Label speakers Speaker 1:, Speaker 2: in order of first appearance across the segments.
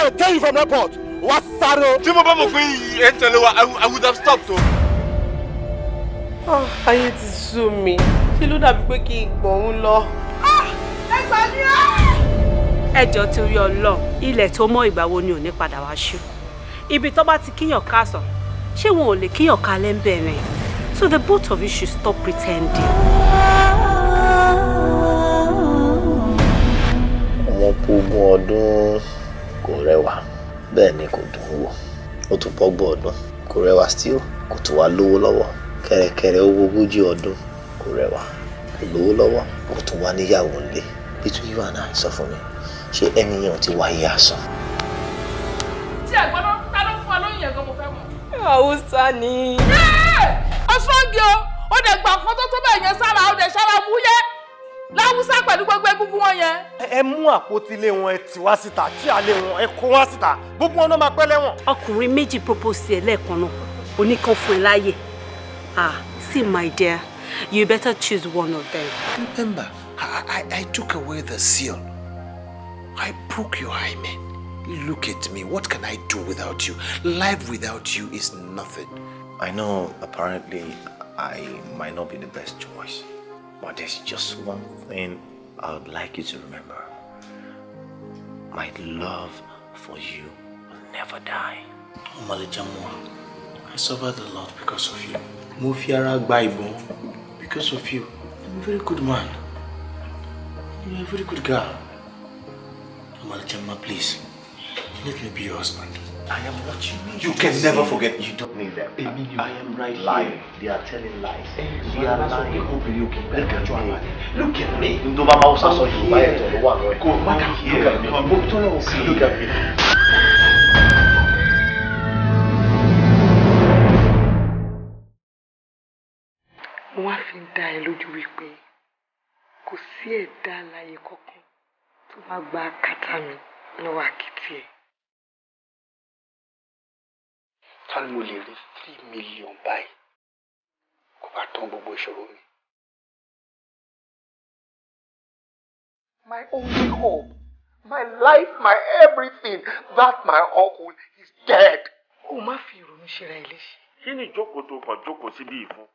Speaker 1: I will tell you from airport. What sorrow? Tí mo bá mọ̀ pé ẹ I would have stopped Oh, Ayé ti sú mi. Ṣé ló dàbí pé kí n gbọ̀n lọ? Ah,
Speaker 2: ẹ gbà mí á! Ẹjọ́ torí Ọlọ́run, tó mọ́ ìgbà ni ò ní padà wá ṣú? Ibi tó bá ti kíyàn káàsán, ṣé wọn ò lè kíyàn kalẹ́ ń So the both of you should stop pretending.
Speaker 1: Ọmọ kú ọdún. kò rẹwà bẹ́ẹ̀ ni kò dùn wò ó tún bọ́gbọ́n ọdún kò rẹwà still kò tún wá lówó lọ́wọ́ Kẹrẹkẹrẹ owó ogójì ọdún kò rẹwà kò lówó lọ́wọ́ kò tún wá níyàwó ńlẹ̀ Bitu and sọ fún mi ṣé ẹni yẹn ò ti wáyé
Speaker 3: tí ta ló
Speaker 2: Hausa ni. o ó láwùsá pẹ̀lú gbogbo egungun wọn yẹn.
Speaker 1: ẹ mú àpótí ilé wọn ẹ tì wá síta tí àlè wọn ẹ kó wá síta gbogbo wọn náà máa pẹ́ lẹ́wọ̀n. ọkùnrin méjì propose ẹ lẹ́ẹ̀kan náà oníkan fún ẹ láàyè ah see my dear you better choose one of them. remember i i, I took away the seal i broke your hymen look at me what can i do without you life without you is nothing. i know apparently i might
Speaker 4: not be the best choice. But there's just one thing I would like you to remember. My love for you will never
Speaker 1: die. Omalejamwa,
Speaker 4: I suffered a lot because of you.
Speaker 1: Mufiara Bible, because of you. I'm a very good man. You're a very good girl. Omalejamwa, please, let me be your husband. I am what you You can never forget. You don't need them. Èmi ni o. I am right Lie. here. They are telling lies. They are lying. Look at me. Look at me. Ndoma ma osa so Yorùbá ẹ̀ tọ̀ ló wà lọ́ẹ̀. Go back here. Look at me. Mo tọ́ lọ́wọ́ Look at me.
Speaker 5: Mo wá fi ń dá ẹ lójú wípé kò sí ẹ̀dá alààyè kankan tó bá gba kàtà mi lọ́wọ́ àkìtì ẹ̀.
Speaker 4: ta mo lè rí three million báyìí kó bá tán gbogbo ìṣòro mi. My only
Speaker 6: hope,
Speaker 1: my
Speaker 3: life, my everything, that my uncle is dead.
Speaker 1: Ó má fi
Speaker 6: ìrònú ṣera ẹ léṣe. Kí ni ìjókòó tó kàn jókòó síbí ìfún?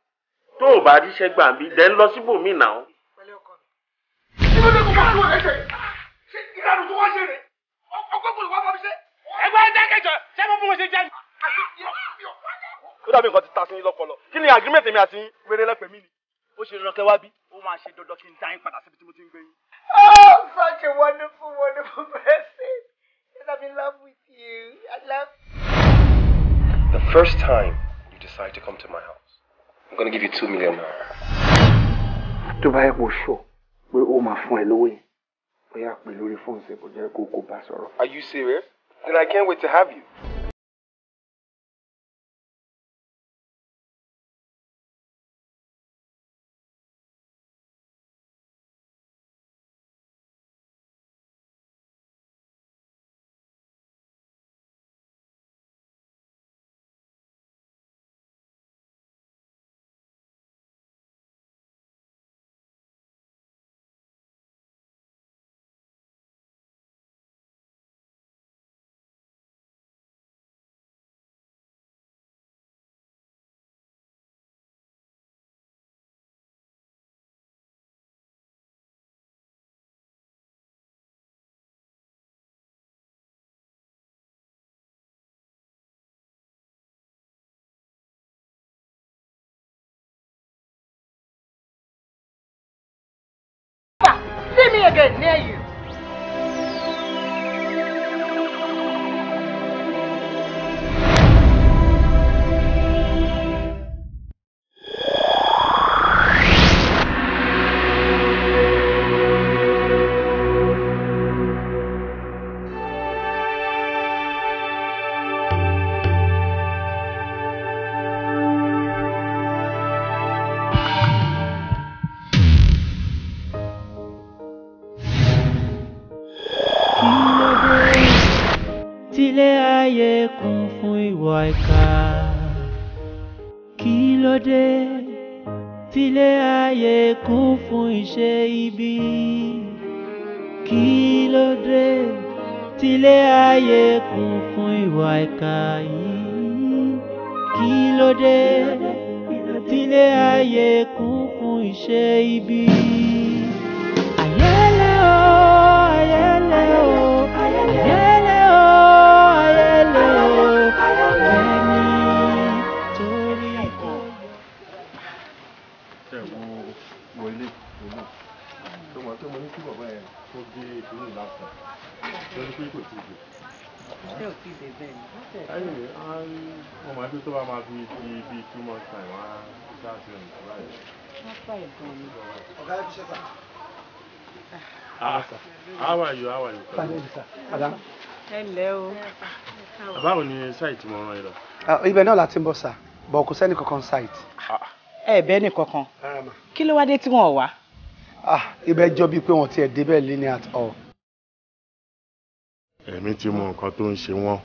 Speaker 6: Tó o bá ríṣẹ́ gbà mí, dẹ̀ ń lọ síbòmí náà. Pẹ̀lẹ́ ọkọ mi. Kí ló dé kó máa ń wọlé ṣe? Ṣé ìdánù tó wá ṣe rè? Ọgbẹ́ kò lè wá bọ́ mi ṣe? Ẹgbẹ́ ẹgbẹ́ kẹjọ, ṣé fún mo ṣe
Speaker 4: jẹ́?
Speaker 1: ó dàbí nǹkan ti ta sí yín lọ́pọlọ kí ni agreement mi àti yín wéré lẹ́pẹ̀ẹ́ ni. ó ṣe dandan kẹwàá bí ó máa ṣe dandan kí n dá yín padà síbi tí mo ti ń gbé yín.
Speaker 4: oh such a
Speaker 1: wonderful wonderful person And i'm in love
Speaker 3: with you i love. the first time you decide to come to my house i'm gonna give you two million naira. tó bá yẹ kó sọ pé ó máa fún ẹ lówó yẹn bóyá
Speaker 4: pè lórí fóònù ṣe kò jẹ́ kó kó bá sọ̀rọ̀.
Speaker 3: are you serious? then i can't wait to have you.
Speaker 4: see me again near you.
Speaker 1: Ah, ibẹ̀ náà láti ń bọ̀ sà bọ̀ kò sẹ́ni kankan site. Ah. ẹ bẹ́ẹ̀ ni kankan kí ló wá dé tí wọ́n wá. Ah, ibẹ̀ jọ bíi pé wọ́n tiẹ̀ débẹ̀ léni at all.
Speaker 6: èmi ti mọ nǹkan tó ń ṣe wọn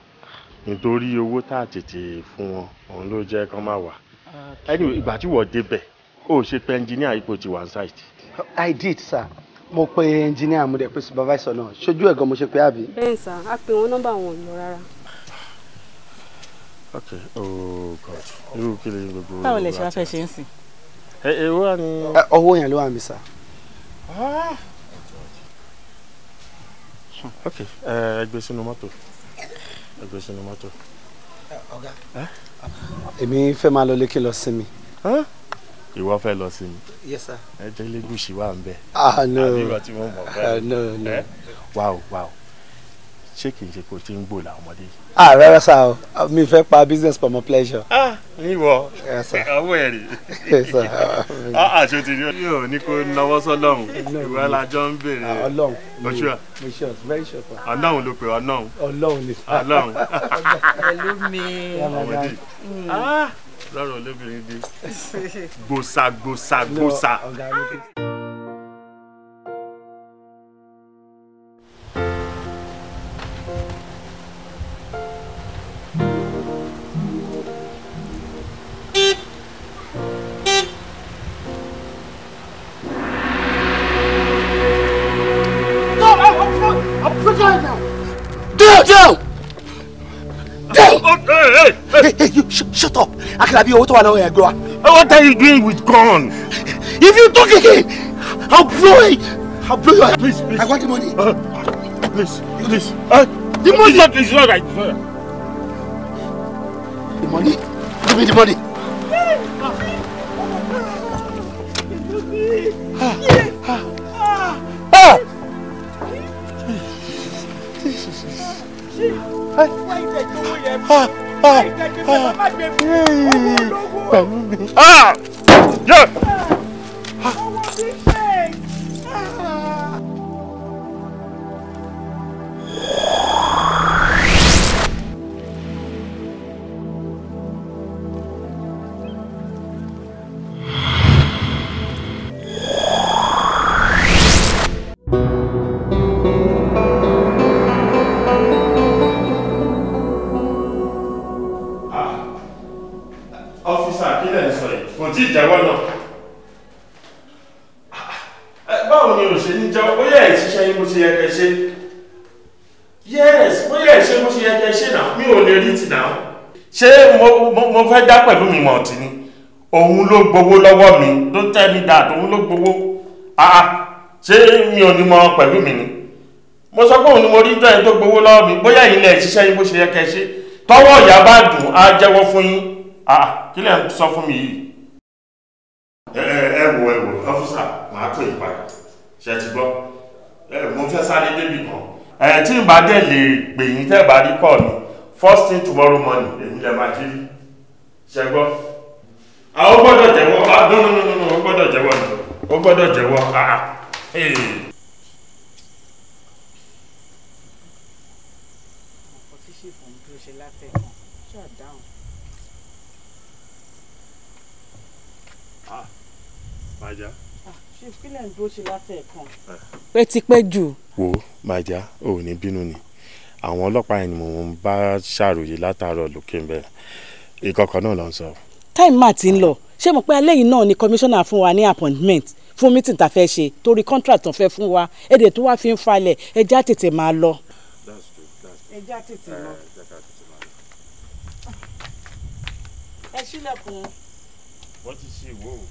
Speaker 6: nítorí owó tá a tètè fún wọn òun ló jẹ́ kán má wà. anyway ìgbà tí wọ́n débẹ̀ ó ṣe pé ẹnjìníà ipò ti wà site.
Speaker 1: i did sir mo pe ẹnjìníà mo dẹ̀ pé supervisor náà ṣojú ẹ̀gàn mo ṣe pé àbí.
Speaker 2: bẹ́ẹ̀ sà á pe wọn nọ́mbà wọn lọ rárá
Speaker 1: ok oh god irú kí lè gbogbo. báwo lè ṣe wá
Speaker 2: fẹ́ ṣe ń sìn.
Speaker 6: ẹ ẹ wá ní.
Speaker 1: ọwọ́ yẹn ló wà mí
Speaker 6: sá. Ah! ok ẹ gbé sínú mọ́tò ẹ gbé sínú mọ́tò. ọ̀gá èmi fẹ́ máa lọ lékè lọ sí mi. ìwọ fẹ́ lọ sí mi. yes sir. ẹ jẹ́ ilé gùsì wà ń bẹ̀. ah no àbí ìwà tí mo mọ̀ fẹ́. Ah, no no. wow wow ṣé kì í ṣe kó tí ń gbò làwọn ọmọdé yìí. ah rárá
Speaker 1: sá o mi fẹ́ pa business for my pleasure.
Speaker 6: ah níwọ ọwọ́ ẹ̀ rí àṣọ ti rí yóò ní kó náwó sọlọ́hún ìwà alájọ ń bèrè ọlọ́hún ọṣùà ọlọ́hún ló pè ọ́ ọlọ́hún ọlọ́hún ni ọlọ́hún.
Speaker 4: pẹ̀lú mi ọmọdé hmm. ah,
Speaker 6: lọ́rọ̀ olóbìnrin dé gbòsàgbòsàgbòsà.
Speaker 1: Akílábí owó tó wà lọ́wọ́ yẹn What are you doing with corn? If you talk again, I'll blow it. I'll blow your head. Please, please. I want the money. Uh,
Speaker 6: please, please. Uh, the money. It's not, it's not right. The money? Give me the money.
Speaker 4: Ah! Ah! Ah! Ah! Ah, yeah.
Speaker 6: kí ẹ ṣe bó ṣe yẹ kẹ ṣe náà mi ò lè rí tì náà. ṣé mo fẹ́ dá pẹ̀lú mi mọ̀ tì ni òun ló gbowó lọ́wọ́ mi ló tẹ́ mi dà tóun ló gbowó àá ṣé mi ò ní mọ pẹ̀lú mi ni mo sọ pé òun ni mo rí dọ́yìn tó gbowó lọ́wọ́ mi bóyá yìí lẹ̀ ṣiṣẹ́ yín bó ṣe yẹ kẹ ṣe tọwọ́ ìyá bá dùn á jẹ́wọ́ fún yín àá kí lẹ̀ ń sọ fún mi yìí. ẹ ẹ wo ẹ wo ọfíìsà màá pè é padà ṣe ti gbọ́ mo fẹ́ sáré débi kan ẹ̀ tí ìbá dẹ̀ lè pè yín tẹ́ bá rí kọ́ mi first thing tomorrow morning èmi lè máa jí rí ṣe gbọ́. àwọn gbọ́dọ̀ jẹ́wọ́ no no no no ó gbọ́dọ̀ jẹ́wọ́ ni ó gbọ́dọ̀ jẹ́wọ́ ah ee. Ah, pé ti pẹ́ jù wo májà ò ní bínú ni àwọn ọlọ́pàá yẹn ni mò ń bá ṣàròyé látàárọ̀ lókè ń bẹ̀ ìkọ̀kọ̀ náà ló ń sọ.
Speaker 2: táìmù máa ti ń lọ ṣé mo pé alẹ́ yìí náà ni kọmíṣánná fún wa ní appointment fún mítìn tá a fẹ́ ṣe torí contract tán fẹ́ fún wa èdè tó wá fi ń falẹ̀
Speaker 5: ẹja tètè máa lọ.
Speaker 6: ẹ ṣílẹ̀kùn. wọ́n ti ṣe ìwò o.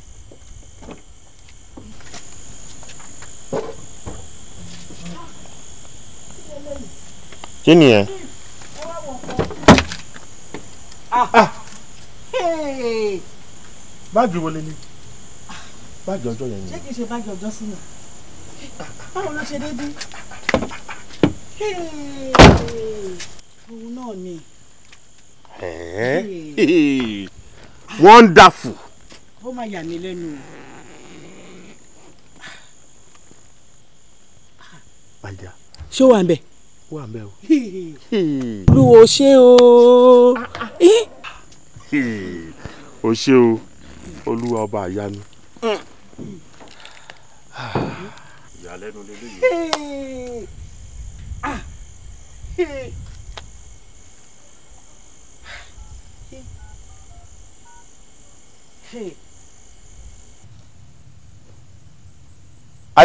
Speaker 6: kí ni ẹ. Ah. Ah. báàgì wo lele báàgì ọjọ́ yẹn ni. ṣé
Speaker 2: kìí ṣe báàgì ọjọ́ sí mi báwo ló ṣe dédé òun náà ni.
Speaker 6: wonderful.
Speaker 2: ó máa yà mí lẹ́nu ṣé ó wà ń bẹ̀
Speaker 6: wà mẹ́ o. olúwo
Speaker 2: ṣé o. Ah,
Speaker 6: ah. o ṣé o olúwa ọba àyanu. Mm. ìyàlẹ́nu lélẹ́yìí.
Speaker 4: Hey. Ah.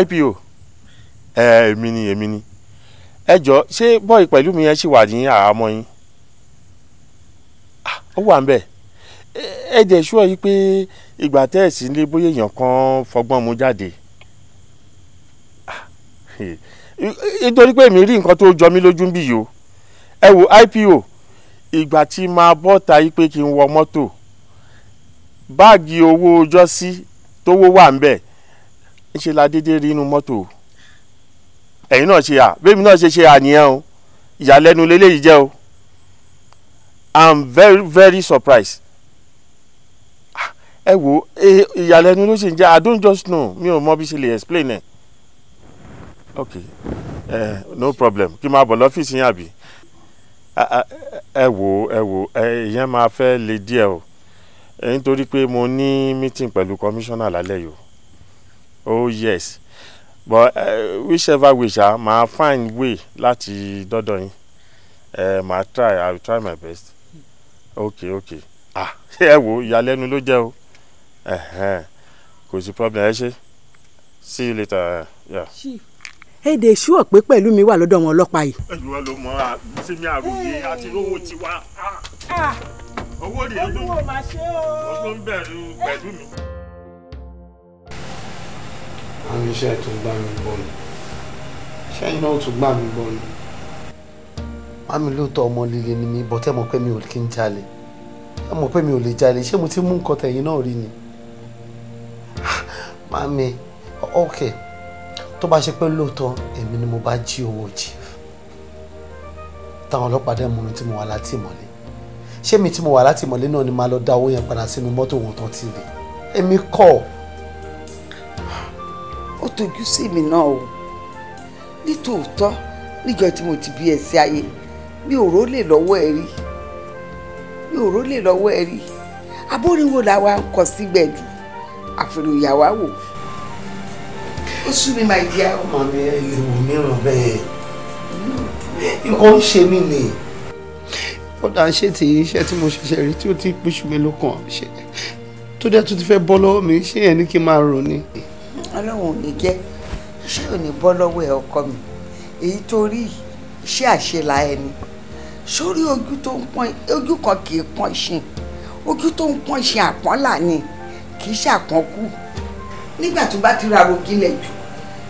Speaker 6: IPO ẹ èmi ni èmi ni ẹ jọ ṣé bọ́ọ̀ì pẹ̀lú mi yẹn ṣì wà ní àhámọ́ yín ah, ó wà ń bẹ̀ ẹ jẹ́ ṣúọ́ yìí pé ìgbà tẹ́ ẹ̀ sí nílé bóyá èèyàn kan fọgbọ́n mu jáde ah, nítorí pé èmi rí nǹkan tó jọ mí lójú ń yìí o ẹ wo IPO ìgbà tí máa bọ́ ta yìí pé kí n wọ mọ́tò báàgì owó ọjọ́ sí tówó wà ń bẹ̀ ń la déédéé rí inú mọ́tò o ẹ̀yin náà ṣe à bẹ́ẹ̀ mi náà ṣe ṣe àníyàn o ìyàlẹ́nu lélẹ́yìí jẹ́ o i'm very very surprised ah, ẹ wo e, ìyàlẹ́nu ló ṣe ń jẹ́ i don't just know mi ò mọ bí ṣe lè explain ẹ̀ ok uh, no problem kí n máa bọ̀ lọ́fíìsì yín àbí ẹ wo ẹ wo ìyẹn máa fẹ́ le díẹ̀ o nítorí pé mo ní meeting pẹ̀lú commissioner lálẹ́ yìí o oh yes but uh, whichever way ṣá màá find way láti dọ́dọ̀ yín ẹ màá try i will try my best okay okay ah ṣé ẹ wo ìyàlẹ́nu ló jẹ́ o kò sí problem ẹ ṣe see you later. Uh, yeah. Chief
Speaker 5: èdè ìṣú ọ̀pẹ pẹ̀lú mi wà lọ́dọ̀ wọn ọlọ́pàá yìí.
Speaker 6: ẹ̀yin wa ló mọ àbísẹ́mi àròyé àti owó tiwa owó rèé ló ń bẹ̀rù pẹ̀lú mi
Speaker 1: àwọn iṣẹ́ tó gbá mi gbọ́ ni ṣẹ́yìn náà tó gbá mi gbọ́ ni. má mi lóòótọ́ ọmọ líle ni mi bọ́ tẹ́ mọ̀ pé mi ò kí ń jalè ẹ mọ̀ pé mi ò lè jalè ṣé mo ti mú nǹkan tẹ̀yìn náà rí ni. má mi ok tó bá ṣe pé lóòótọ́ èmi ni mo bá jí owó chief táwọn ọlọ́pàá dẹ̀ múnú tí mo wà látìmọ́lé ṣé mi tí mo wà látìmọ́lé náà ni máa lọ dá owó yẹn padà sínú mọ́tò wọn tán ti rí èmi kọ́ ọ́ ó tojú sí mi náà
Speaker 5: o nítòótọ́ níjọ́ tí mo ti bí ẹ sí ayé mi ò rólè lọ́wọ́ ẹ rí mi ò rólè lọ́wọ́ ẹ rí abóríwò làwa ń kọ sígbẹ̀dù àfẹnuyà wa wò ó sú mi máa di àwọn. ọmọ
Speaker 1: mi ẹ lè wò míràn bẹ́ẹ̀ nǹkan ń ṣe mí ni. ọ̀dà ń ṣe tí iṣẹ́ tí mo ṣẹ̀ṣẹ̀ rí tí ó ti pín ṣùgbọ́n ló kàn ṣe tó dẹ́ tó ti fẹ́ bọ́ lọ́wọ́ mi ṣé yẹn ní kí n máa rò
Speaker 5: ọlọ́run ò ní jẹ́ iṣẹ́ ò ní bọ́ lọ́wọ́ ẹ̀ ọkọ mi èyí tó rí iṣẹ́ àṣelà ẹni sórí ojú tó ń pọ́n ojú kan kì í pọ́n ṣin ojú tó ń pọ́n ṣin àpọ́nlà ni kì í ṣàpọ́nkú nígbà tó bá ti ra rògìlẹ̀ jù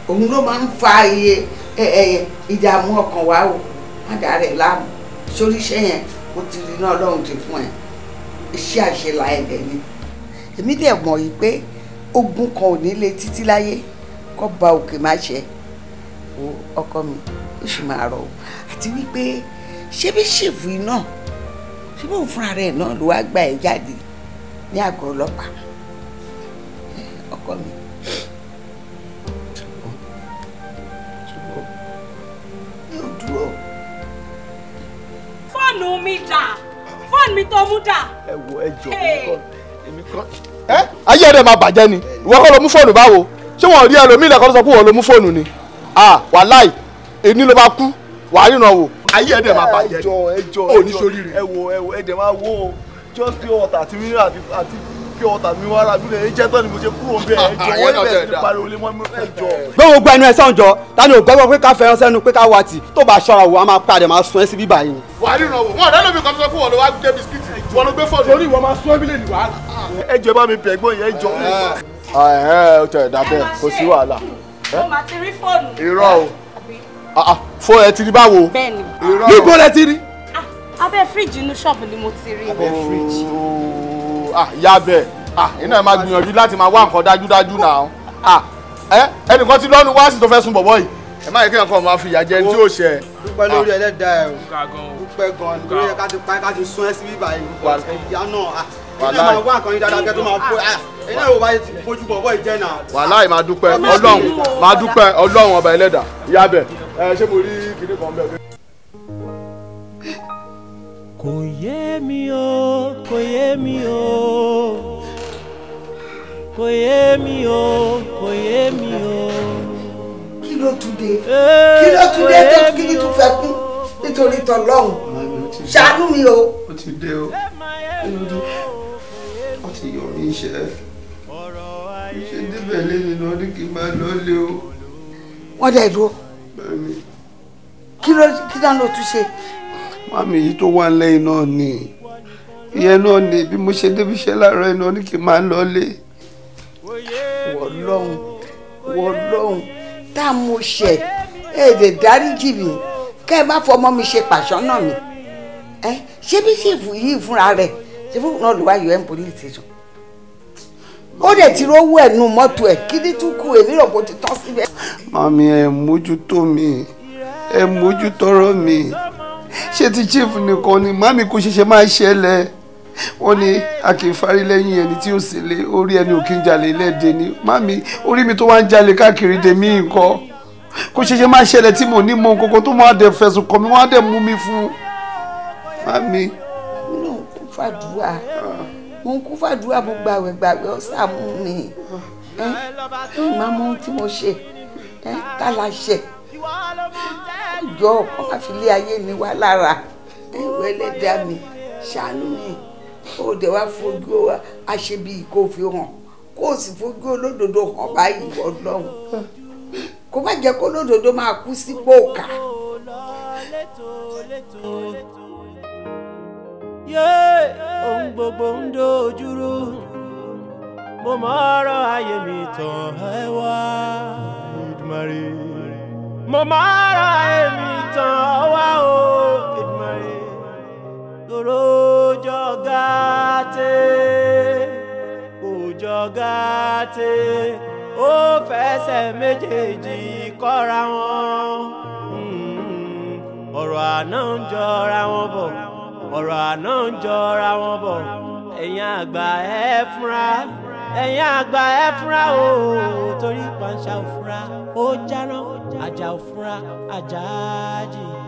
Speaker 5: òun ló máa ń fa iye ìdààmú ọkàn wá o má dàrẹ̀ láàmú sórí iṣẹ́ yẹn ó ti rí náà lọ́run ti fún ẹ iṣẹ́ àṣelà ẹ̀dẹ̀ ni èmi dẹ̀ mọ̀ yìí pé ogun kan ò ní lè títí láyé kó ba òkè má ṣe wo ọkọ mi ó sì máa rọ o àti wípé ṣé bí ṣèfù iná ṣé bóun fúnra rẹ̀ náà ló wá gba ẹ̀ jáde ní àgọ́ ọlọ́pàá ọkọ mi.
Speaker 2: mi ò dúró. fóònù mi dà fóònù mi tó
Speaker 1: mú dà. ẹ wo ẹ jọ èmi kan ẹ ayé rẹ máa bàjẹ́ ni ìwọ kọ́ ló mú fóònù báwo ṣé wọn rí ẹlòmíì lẹ́kọ́ tó sọ pé wọn ló mú fóònù ni ah wàláì èmi ló bá kú wàá ríran wò ayé ẹ dẹ̀ máa bàjẹ́ ni ò ní sóríire. ẹ wo ẹ wo ẹ dẹ̀ máa wo just pure water àti mineral àti pure water mi wá rà mí lè jẹ́ tán ni mo ṣe kúrò bẹ́ẹ̀ ẹjọ́ wọ́n bẹ̀rẹ̀ sí pariwo lé mọ́ mi ẹjọ́. gbogbo gba ẹnu ẹ sàn jọ ta ni ò gbàgbọ́ pé ká fẹ́ràn sẹ́nu pé ká wà tì tó bá ṣọ́ra wò á máa padà máa sun ẹ́ sí bíbá yìí. wà á wò wọn ọ̀dọ́ lómi kan sọ pé wọn ló wá gbé bisikíìtì wọn ló gbé fọ́ọ̀nù. torí ìwọ máa sún ẹ́ mílíọ̀nù wàhálà. ẹjọ́ bá mi pẹ̀gbọ́n yẹn ẹjọ́. ẹ ẹ o tẹ̀ dábẹ́ kò sí wàhálà. mo máa ti rí fóònù. irọ́ o ah, ah, fóònù ẹ ti rí báwo. bẹ́ẹ̀ni. Ah, ni Ah, ìyá bẹ̀ ah, iná ẹ̀ máa gbìyànjú láti máa wá nǹkan dájúdájú náà ah, ẹnìkan ti lọ́nu wá sí tó fẹ́ sun bọ̀bọ̀ yìí ẹ má yẹ kí nǹkan máa fi ìyà jẹ tí ó ṣe. dúpẹ́ lórí ẹlẹ́dàá ẹ̀ o dúpẹ́ gan-an lórí ẹ̀ ká ti pa ẹ̀ ká ti sún ẹ́ sí bíbá yìí ìyá náà wàláì ẹ̀ máa wá nǹkan yín dáadáa kẹ́ tó máa fọ́ ẹ̀ náà ò bá fojú bọ̀bọ̀ yìí jẹ́ náà. wàláì máa dúpẹ́ ọlọ́run máa dúpẹ́ ọlọ́run ọba ẹlẹ́dàá ìyá bẹ̀ ẹ ṣé mo rí
Speaker 4: kinní kan bẹ́ẹ̀ kò yé mi o kò yé mi o kò yé mi o kò yé mi o. kí ló tún dé eh, kí ló tún dé
Speaker 1: tó kí ló tún
Speaker 5: fẹ́ kú nítorí tọlọ́hún ṣàánú mi o.
Speaker 1: ó ti dé o ó ti yọ mí iṣẹ́ iṣẹ́ débẹ̀ lẹ́yìn náà ní kí n máa lọ lé o. wọ́n dẹ̀ dúró kí ló kí dáná ló tún Mami, yìí tó wà lẹ́yìn náà ni ìyẹn náà ni bí mo ṣe débi iṣẹ́ láàárọ̀ iná ní kí n máa lọ lé.
Speaker 5: wọ́lọ́hún wọ́lọ́hún tá a mo ṣe èdè dáríjì mi kẹ́ ẹ má fọmọ mi ṣe pàṣọ́nà mi ẹ ṣé bí sífù yìí fúnra rẹ̀ ṣé fún náà ló wá yọ ẹ́ ń police station ó dẹ̀ ti rówó ẹ̀nu mọ́tò ẹ̀ kí ní tún kú èmi rò ti tán síbẹ̀.
Speaker 1: màmí ẹ mójútó mi ẹ mójútọ́rọ̀ mi ṣé ti chief nìkan ni màmí kò ṣẹ̀ṣẹ̀ máa ṣẹlẹ̀ wọ́n ní a kì í fárí lẹ́yìn ẹni tí ó sì lé orí ẹni ò kí ń jalè lẹ́ẹ̀dẹ̀ ni màmí orí mi tó wá ń jalè káàkiri dèmí nǹkan kò ṣẹ̀ṣẹ̀ máa ṣẹlẹ̀ tí mo ní mọ kókó tó máa dẹ̀ fẹ̀sùn kàn mí wọ́n á dẹ̀ mú mi fún un màmí. inú kú
Speaker 5: fàdúrà mo ń kú fàdúrà mo gbàwẹ̀ gbàwẹ̀ ọ̀sà mú mi ẹ ẹ má mọ ohun tí mo ṣe ẹ tá la ṣe jọ ọkọ àfilé ayé mi wá lára ẹ̀wẹ́ lẹ́dá mi ṣàánú mi ó dẹ̀ wá fojú aṣebi kò fi hàn kó sì fojú olódodo hàn báyìí ọlọ́run kó má jẹ́ kó olódodo máa kú sípò ká.
Speaker 4: ohun gbogbo ń dojúrú mo mọ ọ̀rọ̀ ayé mi tàn ẹ wá mo máa ra èmi tán wá o Èdùmàrè tòró jọgá tẹ òjọ gàtẹ ó fẹsẹ̀ méjèèjì kọ́ra wọn hmm, ọ̀rọ̀ àná ń jọra wọn bọ̀ ọ̀rọ̀ àná ń jọra wọn bọ̀ ẹ̀yin àgbà ẹ fúnra ẹ̀yin àgbà ẹ fúnra o torí panṣá òfúra ó jáná àjà òfúnra àjà ájì.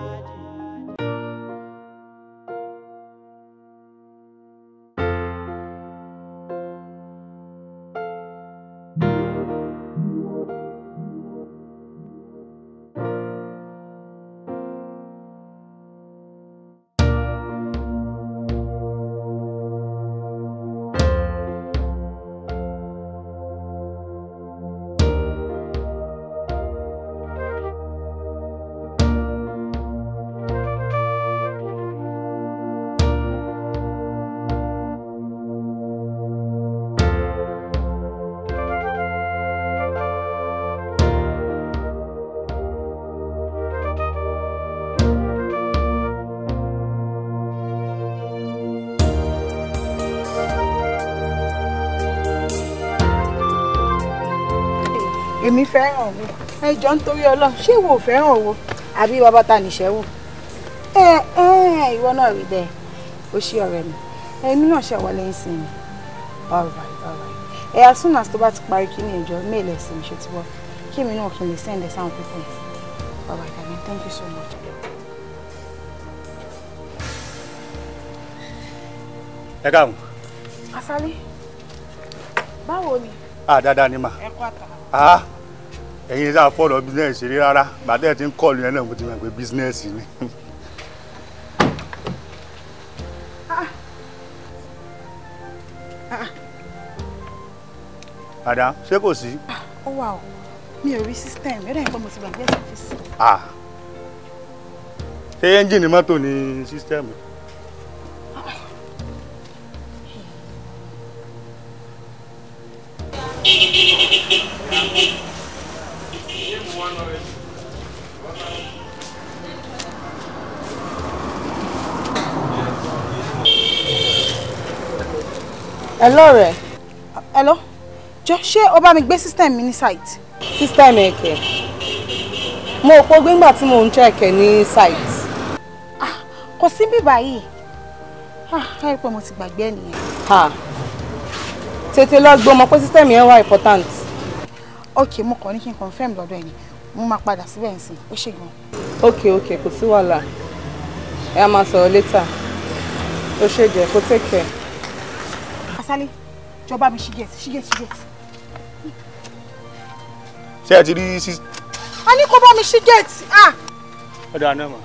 Speaker 2: fẹ́ràn owó ẹ jọ ń torí ọlọ́run ṣé ìwọ ò fẹ́ràn owó àbí bàbá ta nìṣẹ́ wò ẹ ẹ ìwọ náà rí bẹ́ẹ̀ o ṣí ọ̀rẹ́ mi ẹnu náà ṣe wọlé ń sin mi ẹ as soon as tó bá ti parí kí ni ìjọ mail ẹ̀sìn mi ṣe ti wọ́ kí èmi náà kí n lè send ẹ̀ sáwọn pípọ̀ all right I thank you so much. ẹ káàmù. asálẹ̀ báwo ni.
Speaker 6: ah dáadáa ni mà.
Speaker 2: ẹ
Speaker 4: kó àtàwọn.
Speaker 6: Ah ẹ̀yin sáà fọ̀rọ̀ business ṣeré rárá bàtẹ́ ti ń kọlu yẹn náà mo ti mọ̀ pé business ni. Ada, ṣé kò sí?
Speaker 2: Ó wà o, mi ò rí system, ẹ̀rọ ìpọ́n mo ti gbàgbé ẹ̀ ṣe fi sí.
Speaker 1: Ṣé ẹ́ńjìnì mọ́tò ni system?
Speaker 2: Hello rẹ̀. Hello. Jọ ṣé o bá mi gbé system mi ní site? System ẹ̀kẹ́. Mo ò pọ́ gbígbà tí mò ń jẹ́ ẹ̀kẹ́ ní site. Ah, kò sí bíbá yìí. Ah, ẹ rí pé mo ti gbàgbé nìyẹn. Tètè lọ gbọ́ mọ pé system yẹn wà important. Ok, mo kàn ní kí n confirm lọ́dọ̀ ẹni. Mo máa padà síbẹ̀ nsìn. Ó ṣe gan. Ok, ok, kò sí wàhálà. Ẹ máa sọ̀rọ̀ later. Ó ṣe jẹ́ kó take care. Asálé jọba mi ṣígẹ̀t ṣígẹ̀t ṣígẹ̀t.
Speaker 1: ṣé ẹ ti rí sí.
Speaker 2: a ní kó bá mi ṣígẹ̀t.
Speaker 1: ọ̀dà ah! náà mà.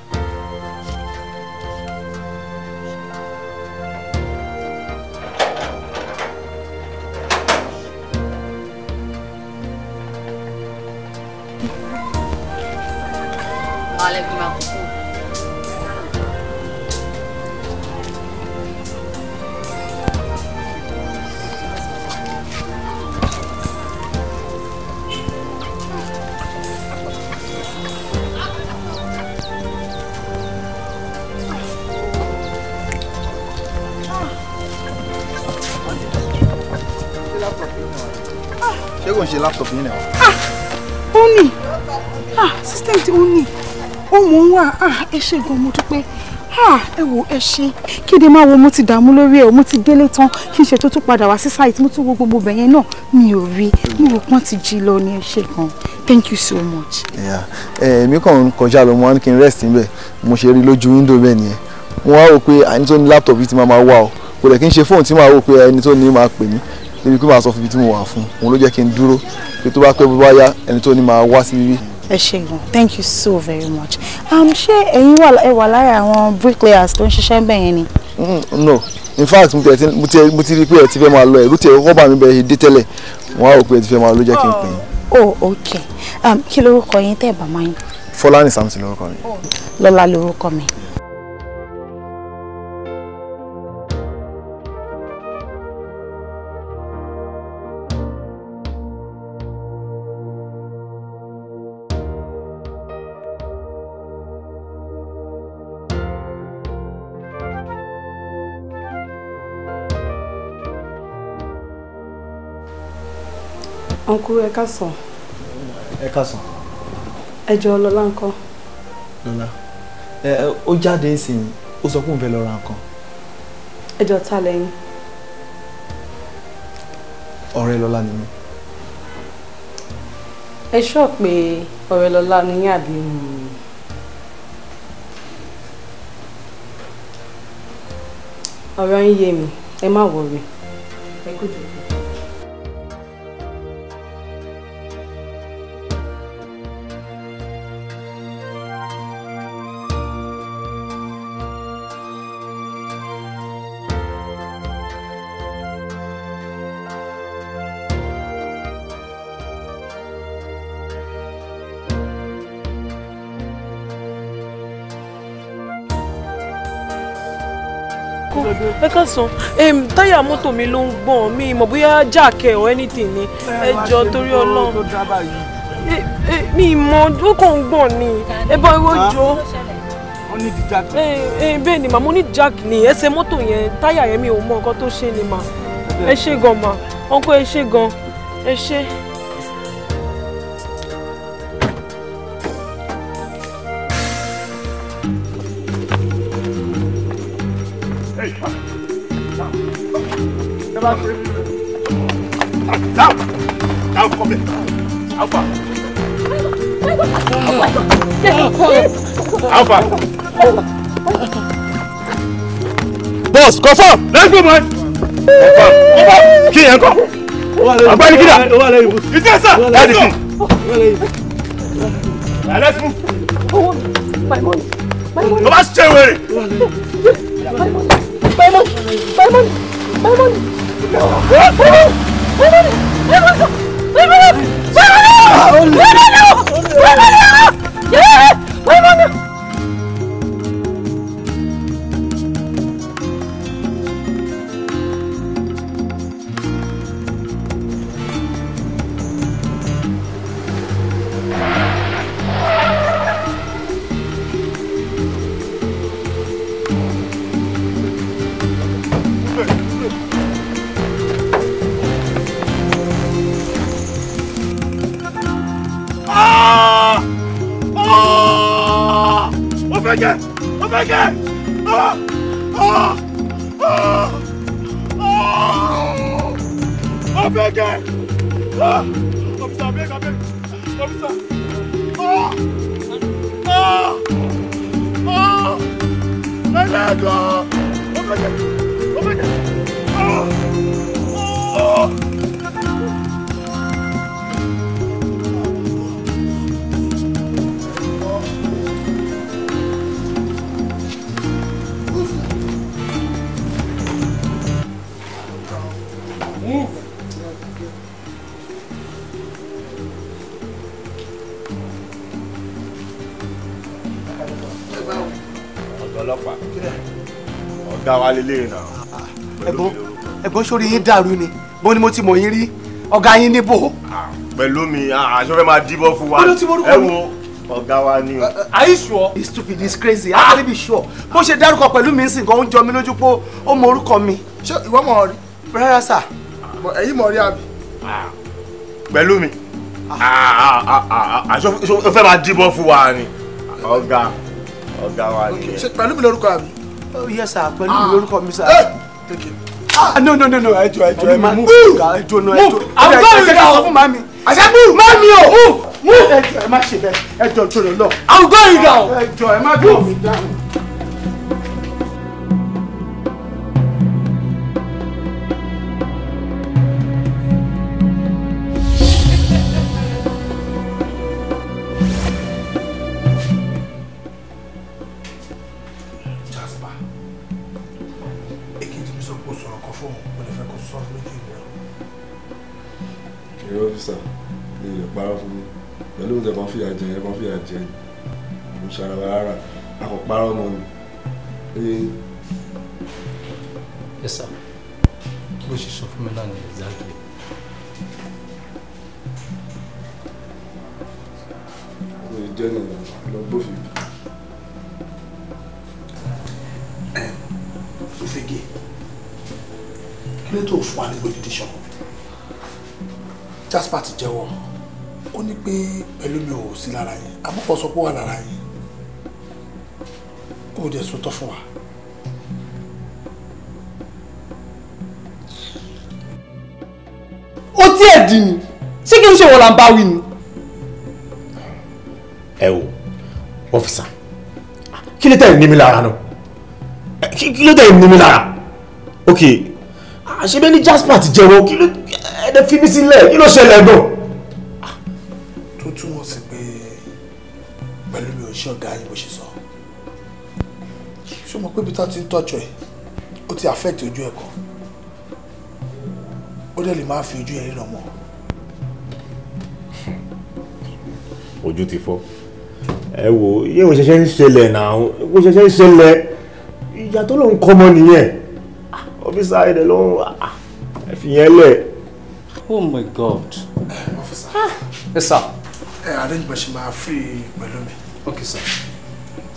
Speaker 1: laptop yín náà. ah,
Speaker 2: ah ó ah system tí ó ní ń wà ah ẹ ṣe gan mo dúpẹ́ ah ẹ wo ẹ ṣe kéde máa wo mo ti dààmú lórí ẹ mo ti délé tán kí n ṣe tó tún padà wá sí site mo tún wo gbogbo ibẹ̀ yẹn náà mi ò rí mi ò pọ́n ti jí lọ ní ẹ ṣe gan thank you so much.
Speaker 1: èmi kàn ń kọjá lọ mo wá ní kí n rest níbẹ̀ mo ṣe rí lójú window bẹ́ẹ̀ nìyẹn mo wá rò pé àyíntó ní laptop yìí ti máa máa wà o kò dẹ̀ kí n ṣe fóònù tí màá rò pé ẹni tó ní máa pè mí débi pé màá sọ fún ibi tí mo wà fún òun ló jẹ́ kí n dúró pé tó bá pẹ́ bó bá yá ẹni tó ní máa wá sí bíbí.
Speaker 2: ẹ ṣe gan thank you so very much um, ṣé ẹ̀yin wà lára àwọn bricklayers tó ń ṣiṣẹ́ ń bẹ̀ yẹn ni. Mm,
Speaker 1: no in fact mo ti rí i pé ẹ ti fẹ́ máa lọ ẹ̀rú tí ẹ kọ́kọ́ bá mi bẹ̀rẹ̀ dé tẹ́lẹ̀ wọ́n á rò pé ẹ ti fẹ́ máa lọ jẹ́ kí n pè yín.
Speaker 2: oh, oh ok um, kí lorúkọ yín tẹ́ ẹ̀ bá máa yín.
Speaker 1: Fọlá ní Samson lorúkọ mi.
Speaker 2: Lọ́lá lorúkọ mi. ọ̀nkú ẹ káàsán.
Speaker 1: ẹ káàsán. ẹ O jáde ìsìn ó ta ni mí.
Speaker 2: ẹ sọ pe ọrịa lọ́lá ni yín àbí ọ̀rọ̀ Ọrịa yé mi ẹ má wọrí ẹ
Speaker 4: ẹ kàn sàn
Speaker 2: táyà mọ́tò mi ló ń gbọ̀n mi mọ̀ bóyá jáàkẹ́ or anything ni ẹ jọ torí ọlọ́run mi mọ ó kàn ń gbọ̀n ni ẹ bá ìwọ jọ
Speaker 3: wọ́n ní di jack. ẹ ẹ bẹ́ẹ̀ ni màmú ní jack ni ẹsẹ̀ mọ́tò yẹn táyà yẹn mi ò
Speaker 2: mọ nǹkan tó ṣe ni mà ẹ ṣe gan mà ọkọ ẹ ṣe gan ẹ ṣe.
Speaker 1: bá ṣe rí. dáhùn dáhùn kọ́ mi boss confirm. let's go man. confirm Alpha，kí yẹn kọ. agbani kí dà. ìjẹ́ sà let's go.
Speaker 6: let's move. my
Speaker 2: money
Speaker 1: my money. ló bá ṣe wèrè. my money my money
Speaker 4: my money. ¡Vámonos! ¡Vámonos! ¡Vámonos! ¡Vámonos! ¡Vámonos!
Speaker 1: sórí yín dàrú ni bó ni mo ti mọ̀ yín rí ọ̀gá yín níbo. Ah,
Speaker 6: pẹ̀lú mi aṣọ fẹ́ máa díbọ́ fún wa ẹ wo ọ̀gá wa ni o. Uh, uh, are you sure. he stupid
Speaker 1: he is crazy i can't be sure bó ṣe dárúkọ pẹ̀lú mi nsìn kan ó ń jọ mi lójú pé ó mọ orúkọ mi. ṣé ìwọ mọ̀ rí. rárá sà. ẹ̀yin mọ̀ rí àbí.
Speaker 6: Ah, pẹ̀lú mi aṣọ ah. fẹ́ máa díbọ́ fún wa ni ọ̀gá
Speaker 1: ọ̀gá wa ni. pẹ̀lú mi lórúkọ àbí. Oh, yes sir pẹ̀lú mi lórúkọ mi sir ah no no no no ẹ jọ ẹ jọ ẹ ma move ẹ jọ náà ẹ jọ ẹ jọ fún mami àṣẹ move mami o move move ẹ ẹ má ṣe bẹ́ẹ̀ ẹ jọ lọ. i'm going down. ẹ jọ ẹ má jọ mi down. ń bá wí ni.
Speaker 6: ẹ o ọfíìsà
Speaker 1: kí ló tẹ̀ ní mi lára náà kí ló tẹ̀ ní mi lára ok àṣebẹ́ ní Jasper ti jẹ́wọ́ kí ló ẹ̀ẹ́dẹ́ fi mí sílẹ̀ kí ló ṣẹlẹ̀ náà. tó túmọ̀ sí pé pẹ̀lú mi ò ṣe ọ̀gá yìí bó ṣe sọ ṣé o mọ̀ pé peter ti ń tọ́jú ẹ̀ ó ti affect ojú ẹ̀ kan ó dẹ̀ lè máa fi ojú ẹ̀ ríran mọ́
Speaker 6: ojú ti fọ́ ẹ wo iye òun ṣẹ̀ṣẹ̀ ń ṣẹlẹ̀ náà òun ṣẹ̀ṣẹ̀ ń ṣẹlẹ̀ ìyá tó lòun kọ́mọ nìyẹn ọ́fíìsà ẹ̀dẹ̀ ló ń fìyẹn lẹ̀.
Speaker 1: oh my god. ọ́fíìsà ẹ ah. sà. ẹ arrange bó ṣe máa fi pẹ̀lú mi. ok sir.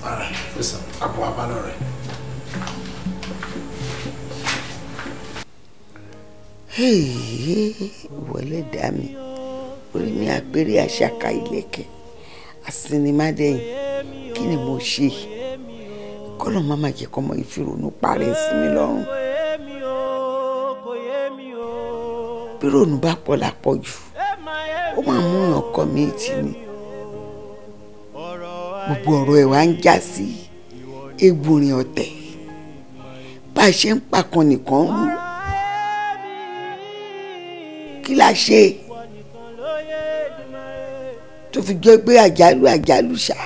Speaker 1: ara ẹ sà àbọ̀ abalọ̀ rẹ̀.
Speaker 5: wọlé dá mi orí mi àpèrè àṣàkà ìlẹ̀kẹ̀ àsìnìmádẹ́yìn kí ni mo ṣe kọ́lọ̀ má má jẹ́ kọ́mọ ìfìrònú parẹ́ sí mi lọ́rùn bí rònú bá pọ̀ lápọ̀ jù ó máa mú ọkọ mi tì ní gbogbo ọ̀rọ̀ ẹ̀ wá ń já sí egbòrin ọ̀tẹ̀ bá a ṣe ń pàkan nìkan rú kí la ṣe tó fi jẹ́ pé àjálù àjálù ṣá.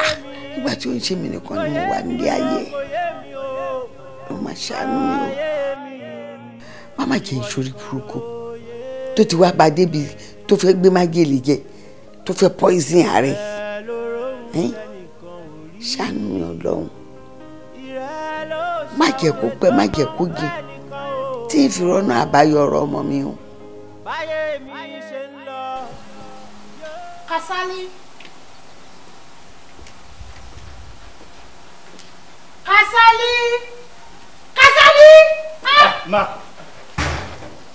Speaker 5: Ah, nígbà tí ó ń ṣe mí nìkan ni mo wà nílé ayé ló máa ṣàánú mi o màmá jẹ́ ìṣòrí burúkú tó ti wá bá débi tó fẹ́ gbé májèlé jẹ tó fẹ́ poison ààrẹ ṣàánú mi ọlọ́run má jẹ́ kó pẹ́ má jẹ́ kó gé tí n fi rọ́nà àbáyọ ọ̀rọ̀ ọmọ mi o
Speaker 2: báyé mi ṣe ń lọ. Kasali. Kasali. Kasali. Ah! Ah, ma.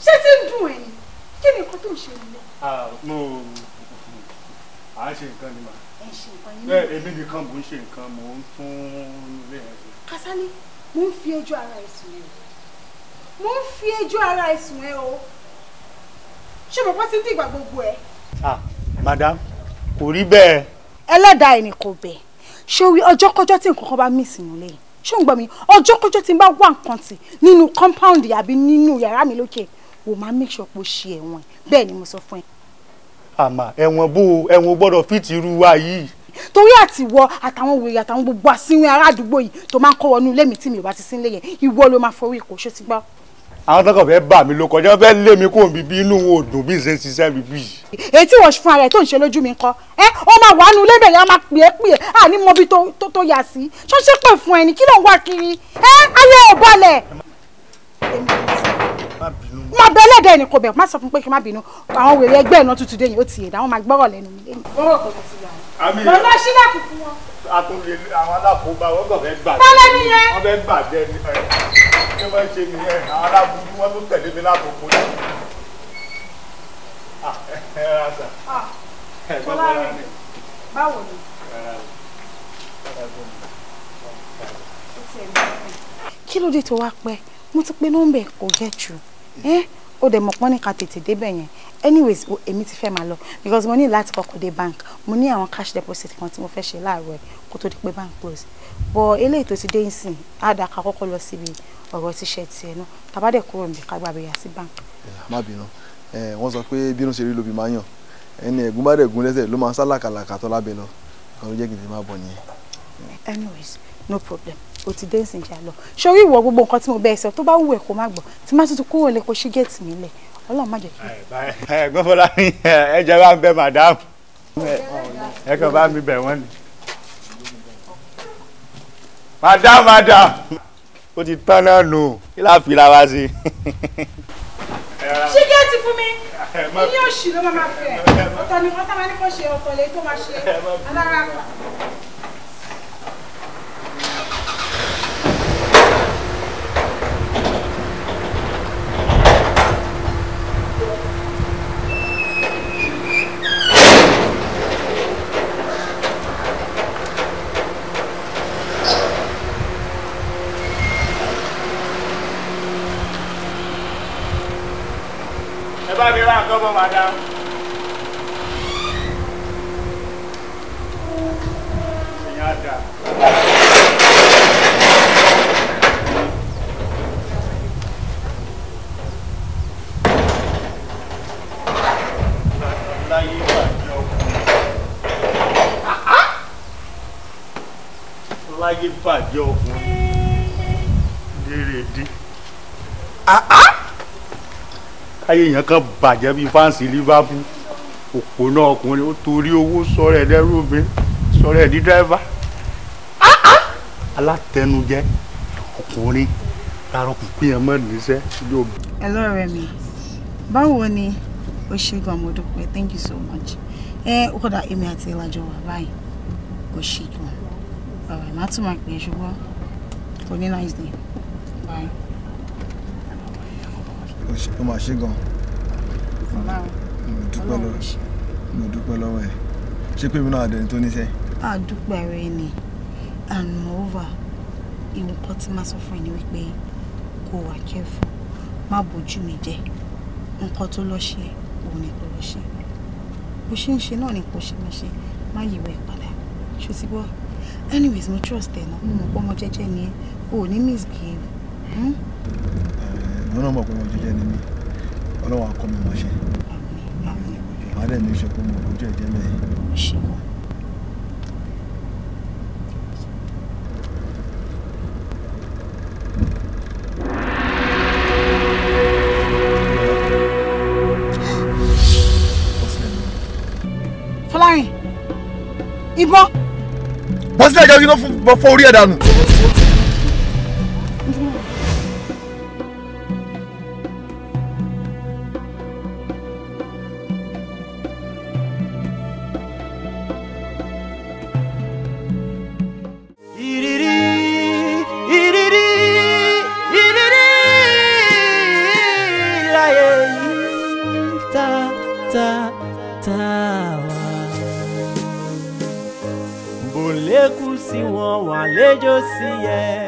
Speaker 2: Ṣé tí ń dùn ẹ̀yìn? Kí ni nǹkan tó ń ṣe nílẹ̀?
Speaker 6: Ah, mo à ń ṣe nǹkan ni mà. Ẹ ṣe
Speaker 2: nǹkan yín. Bẹ́ẹ̀
Speaker 6: nìkan mò ń ṣe nǹkan mò ń tún ilé ẹ̀ ṣe.
Speaker 2: Kasali, mo ń fi ẹjọ́ ara ẹ̀ sùn ẹ̀ o. Mo ń fi ẹjọ́ ara ẹ̀ sùn ẹ̀ o ṣé mo pọ́ sí dìgbà gbogbo ẹ̀.
Speaker 1: ah madam kò rí bẹ́ẹ̀.
Speaker 2: ẹlẹ́dàá ẹni kò bẹ̀ ṣé orí ọjọ́kọjọ́ tí nǹkan kan bá mí sínú lé ṣé ń gbọ́ mi ọjọ́kọjọ́ tí n bá wà nǹkan tì nínú compound àbí nínú yàrá mi lókè wò máa make sure pé ó ṣe ẹ̀wọ̀n bẹ́ẹ̀ ni mo sọ fún ẹ.
Speaker 1: àmà ẹ̀wọ̀n bó ẹ̀wọ̀n gbọ́dọ̀ fìtì irú wa yìí
Speaker 2: torí àtiwọ àtàwọn wèrè àtàwọn gbogbo àsínwé ará àdúgbò yìí tó máa ń kọ́ wọnú ilé mi tí mi ò bá ti sí nílé yẹn ìwọ ló máa fọwọ́ ìkó ṣó ti gbọ́
Speaker 1: àwọn tó kàn fẹ́ bà mí ló kọjá fẹ́ lé mi kó bíbí inú
Speaker 6: wo dùn bí ṣe ń ṣiṣẹ́ bíbí.
Speaker 2: èyí tí wọ́n fún ara ẹ̀ tó ń ṣe lójú mi kọ́ ẹ ó máa wà nù lébẹ̀ yẹn á máa pè é pè é àní mọbi tó yà sí ṣọ́ṣẹ́ pè fún ẹni kí ló ń wá kiri ẹ ayé ò balẹ̀ má bẹ ẹlẹ́dẹ̀ ni kò bẹ̀ má sọ fún pé kí n má bínú àwọn wèrè ẹgbẹ́ ìná tuntun dé yìí ó ti yè dáwọn máa gbọ́rọ̀ lẹ́nu mi
Speaker 6: lẹ́yìn. ọ̀rọ̀ kò ti wọn atúnlé àwọn alákòóbá wọn kàn fẹ́ gbà jẹ wọn fẹ́ gbà jẹ ní ẹ ṣé wọ́n ṣe nìyẹn àwọn aláburú wọn tó tẹ̀lé mi lákòókò ní. Fọlárin ah,
Speaker 2: ah, báwo ni? kí ló dé tó wá pẹ́ mo ti pe nọ́mbà kò jẹ́ jù ó dẹ̀ mọ̀ pọ́n ní tètè débẹ̀ yẹn anyways èmi ti fẹ́ máa lọ because money ní láti kọ́kọ́ bank Money ní àwọn cash deposit kan tí mo fẹ́ ṣe láàárọ̀ ẹ̀ kó tó di pé bank close but eléyìí tó ti dé nsìn àdàkà kọ́kọ́ lọ síbi ọ̀rọ̀ tíṣẹ́ tiẹ̀ náà tàbádẹ́ kúrò níbi ká gbàgbé yà sí bank.
Speaker 1: má bínú wọ́n sọ pé bínú ṣe rí lóbi máa yàn ẹni ẹ̀gún bá dẹ̀gún lẹ́sẹ̀ ló máa ń sálàkàlàkà tó lábẹ́ lọ kan ló jẹ́ kí n ti máa bọ̀ nìyẹn.
Speaker 2: anyways no problem o ti dé nsìn jà lọ sórí ìwọ gbogbo nǹkan tí mo bẹ́ẹ̀ sọ tó bá wù ẹ́ kó má gbọ́ tí má tuntun kúrò lẹ́kọ̀ọ́ ṣí géètì mi ọlọ́run má jẹ́
Speaker 6: kí. ẹ gbọ́fọ́lá ni ẹ jẹ́ bá ń bẹ madam ẹ kàn bá mi bẹ̀ wọ́n ni. madam madam ó ti tán náà nù kí láà fi ra wá sí.
Speaker 2: ṣé kí ẹ ti fún mi
Speaker 4: ilé òṣì ló máa ma
Speaker 2: fẹ́ ọ̀tọ̀ ni wọ́n tá máa ní kó ṣe ọ̀tọ̀ lè tó máa ṣe alára pa.
Speaker 6: lọ́wọ́ madam. táyé èèyàn kan bàjẹ́ bíi fáǹsì liverpool òpònà ọkùnrin ó torí owó sọ̀rọ̀ ẹ̀ dẹ́rù mi
Speaker 1: sọ̀rọ̀ ẹ̀ di dírẹ́fà alátẹnujẹ ọkùnrin rárá kò gbé ẹmọ níṣẹ́ yóò.
Speaker 2: ẹ lọ́rọ̀ mi báwo ni o ṣe gan mo dúpẹ́ thank you so much ẹ ó kọ́dà èmi àti ìlàjọ wà báyìí o ṣe gan ọ̀rọ̀ ẹ̀ má tún máa pè é ṣùgbọ́n kò ní nice day.
Speaker 1: ó máa ṣe gan mo dúpẹ́ lọ́wọ́ mo dúpẹ́ lọ́wọ́ ẹ̀ ṣé pé mi náà àdẹni tó níṣẹ́.
Speaker 2: àdúpẹ́ rẹ ni and moreover ìwọ kan tí máa sọ fún ẹ ni wípé kó wà kẹfù má bójú mi jẹ nǹkan tó lọ ṣe òun ni kò lọ ṣe bó ṣe ń ṣe náà ni kò ṣe máa ṣe má yíwọ ẹ padà ṣó ti bọ anyways mo trust ẹ náà mo mọ pé ọmọ jẹ́jẹ́ ni ẹ o ò ní misbehave.
Speaker 4: Hmm?
Speaker 1: wọn náà mọ̀ pé mo jíjẹ ní mi ọlọ́wọ́ akọ́ mi mọ̀ ṣe màá dẹ̀ ní ìṣẹ́kù mo ojú ẹ̀jẹ̀ mẹ́rin. Fọlárin ìbọn. bọ́sílẹ̀ jẹ́ kí ló fọ orí ẹ̀ dànù.
Speaker 4: yeah.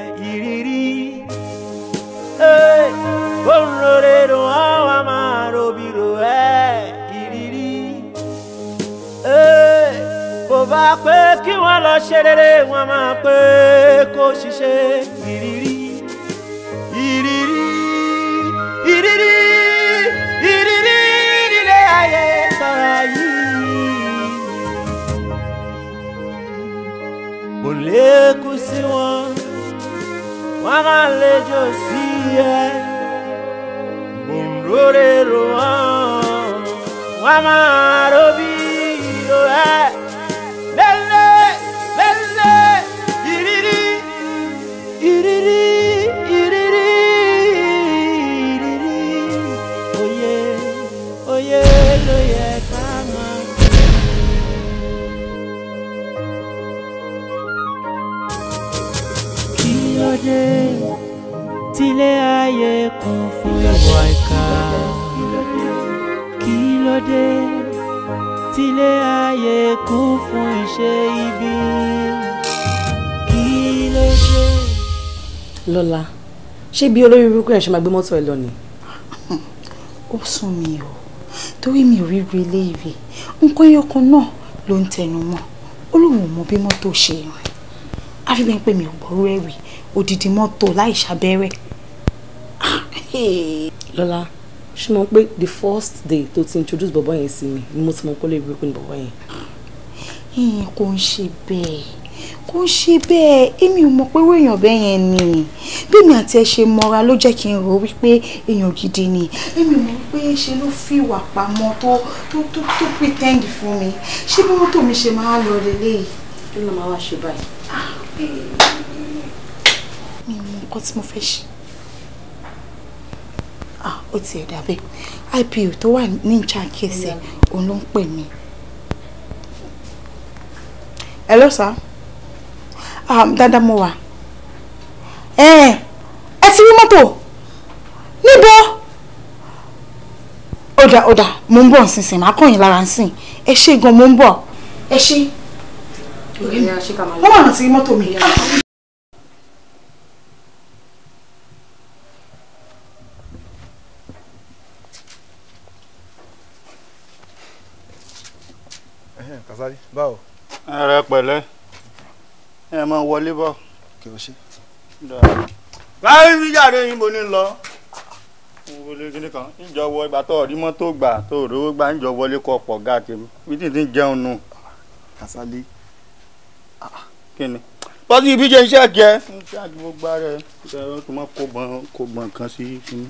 Speaker 2: ṣé bí olórí burúkú yẹn ṣe máa gbé mọ́tò ẹ lọ ni. ó sún mi o torí mi ò rí rí eléyìí rí nǹkan ẹyọkan náà ló ń tẹnu mọ́ ó lóun ò mọ bí mọ́tò ṣe rìn àfi bẹ́ẹ̀ pé mi ò gbọ́rú ẹ̀ rí odidi mọ́tò láì ṣàbẹ́rẹ́. lọ́lá ṣe mọ̀ pé the first day tó ti introduce bọ̀bọ̀ yẹn sí mi ni mo ti mọ̀ pé olórí burúkú ni bọ̀bọ̀ yẹn. ìyẹn kò ń ṣe bẹ́ẹ̀ kò ń ṣe bẹ́ẹ̀ èmi ò mọ̀ pé wọ́n èèyàn bẹ́ẹ̀ yẹn ni bẹ́ẹ̀mi àti ẹ ṣe mọ́ra ló jẹ́ kí n rò wípé èèyàn gidi ni èmi mọ̀ pé ṣe ló fi ìwà pamọ́ tó tó tó tó pretend fún mi ṣé bí mọ́tò mi ṣe máa lọ lélẹ́yìí. kí ló máa wá ṣe báyìí. mi ò mọ nǹkan tí mo fẹ́ ṣe ó ti ẹ̀ dàbẹ̀ ipo tó wà ní ìjà kése òun ló ń pè mí. hello sir um, dada mo wà ẹ eh, ẹ ti rí mọ́tò níbo ọ̀dà ọ̀dà mo ń bọ̀ nsìnsìn máa kàn yín lára nsìn ẹ ṣe gan mo ń bọ̀ ẹ ṣe wọ́n mọ̀ rántí mọ́tò mi.
Speaker 1: Kasari báwo.
Speaker 6: ẹ rẹ pẹ̀lẹ́
Speaker 1: ẹ máa wọlé bọ. kí o ṣe láyé
Speaker 6: wíjà rẹ yín bo ní lọ ìjọwọ ìgbà tó rí mọ́tò gbà tó rówó gbà ń jọ wọlé kọ pọ̀ ga tèmi bí tí ti ń jẹun nù. Kasali.
Speaker 1: kí ni. bọ́sì ibi jẹ́ iṣẹ́ jẹ́. iṣẹ́ àdúgbò gbá rẹ̀ ṣẹ́yọ́ tó máa kó
Speaker 6: gbọ̀n kó gbọ̀n kan sí kíní.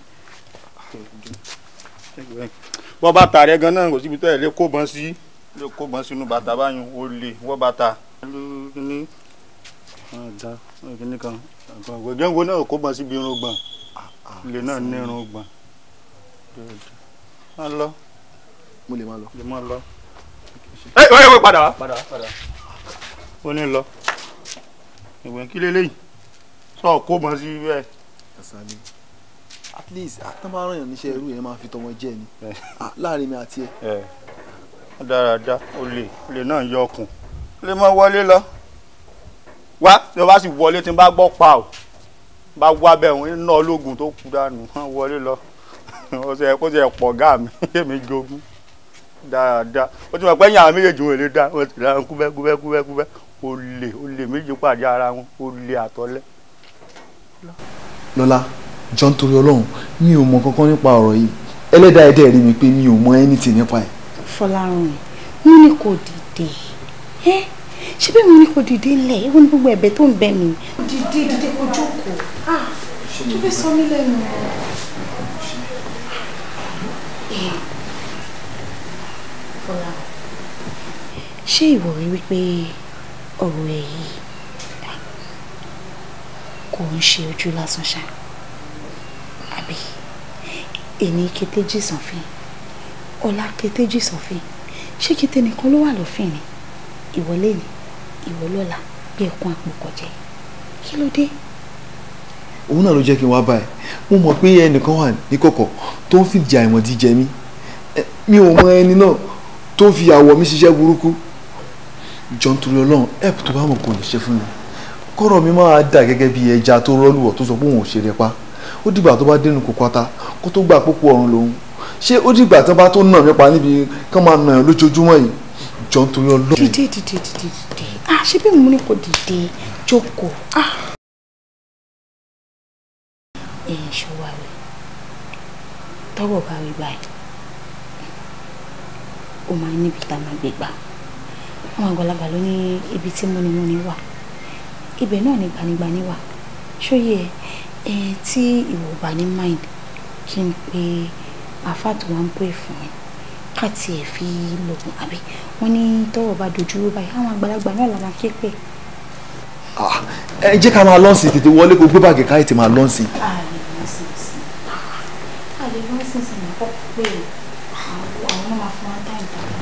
Speaker 6: wọ́n bàtà rẹ̀ gan náà kò síbi tó yẹ lè kó gbọ̀n sí lè kó gbọ̀n sínú bàtà báyìí ó lè wọ́n bàtà. kíní kan gbẹ̀gẹ́ngo náà kó gbọ́n síbi irun gbọ̀n ilé náà ní irun gbọ̀n má lọ.
Speaker 1: mo lè má lọ. lè má lọ. ẹ ẹ wọ́n padà wá. padà wá padà wá. ó ní lọ ìwé kí lélẹ́yìn sọ kó gbọ́n sí bẹ́ẹ̀. Àṣàlẹ̀ at least àtàbáràn yàn níṣẹ́ irú yẹn máa fi tọmọ jẹ́ ni láàrin mi àti ẹ. dáadáa olè olè náà yọ ọkùn olè máa wọlé lọ wá tí o bá sì wọlé tí n bá gbọ́ pa o bá wá bẹ́ẹ̀ òun
Speaker 6: iná ológun tó kú dànù wọ́n wọlé lọ ó ṣe kó ṣe pọ̀ gá mi èmi jogún dáadáa ó ti mọ̀ pé yàrá méjèèjì wọn lè dá wọn sì dáhùn kúbẹ́ kúbẹ́ kúbẹ́ kúbẹ́ o olè méjì pàdé ara wọn olè àtọ́lẹ́.
Speaker 1: lọ́lá john torí ọlọ́run mi ò mọ kankan nípa ọ̀rọ̀ yìí ẹlẹ́dàá ẹ̀dẹ́ rí mi pé mi ò mọ anything nípa ẹ̀.
Speaker 2: fọlárun mi ni kò dìde ṣé bí mo ní kò dìde ńlẹ̀ ewu ní gbogbo ẹ̀bẹ̀ tó ń bẹ mi. dìde dìde kò jókòó ah tó fẹ́ sọ mí lẹ́nu. Eh, ṣé ìwọ rí wípé ọ̀rọ̀ ẹ̀ yìí kò ń ṣe ojú lásán ṣá àbí èmi kété jìsàn fi ọlá kété jìsàn fi ṣé kété nìkan ló wà lófin ni ìwọ lẹ́yìn ìwọ lọ́la bí ẹ̀kún àpò kọjẹ kí ló dé.
Speaker 1: òun náà ló jẹ́ kí n wá báyìí mo mọ̀ pé ẹnìkan wà níkọ̀kọ̀ tó ń fìdí àìmọ̀ jíjẹ mi mi ò mọ ẹni náà tó ń fi àwọ̀ mi ṣiṣẹ́ burúkú jọ̀ọ́ nítorí ọlọ́run ẹ̀p tó bá mọ̀ kò lè ṣe fún mi kọ́rọ̀ mi máa dà gẹ́gẹ́ bí ẹja tó rọ́lùwọ̀ tó sọ pé òun ò ṣe rẹ pa ó dìgbà tó bá dénú kó pátá kó tó gbà pópó ọ̀run lòun ṣé ó dìgbà tó bá tó nà mí pa níbi kán máa nà yàn lójoojúmọ́ yìí jọ nítorí ọlọ́run. dìde dìde dìde dìde ah
Speaker 2: ṣé bí mo ní kò dìde jókòó ah.
Speaker 4: ẹ ẹ ṣọwọ́ rẹ̀
Speaker 2: tọ́wọ́ bá rí báyìí
Speaker 5: ó máa níbi tá a máa gbé gbà
Speaker 2: àwọn àgbàlagbà ló ní ibi tí múnimúni wà ibẹ̀ náà ní gbanigbani wà ṣóyè ẹ tí ìwọ bá ní mind kí n pe àfáà tó ń pè fún ẹ ká tiẹ̀ fi lògùn àbí wọ́n ní tọ́wọ́ bá dojú rú báyìí àwọn àgbàlagbà náà la máa ké pè.
Speaker 1: ẹ jẹ́ ká máa lọ́ọ̀sì tètè wọlé kó gbé báàgì ká ètè máa lọ́ọ̀sì.
Speaker 2: àlè lọ́ọ̀sì sì máa kọ́ pé àwọn
Speaker 4: náà máa fún wa táyì táyì.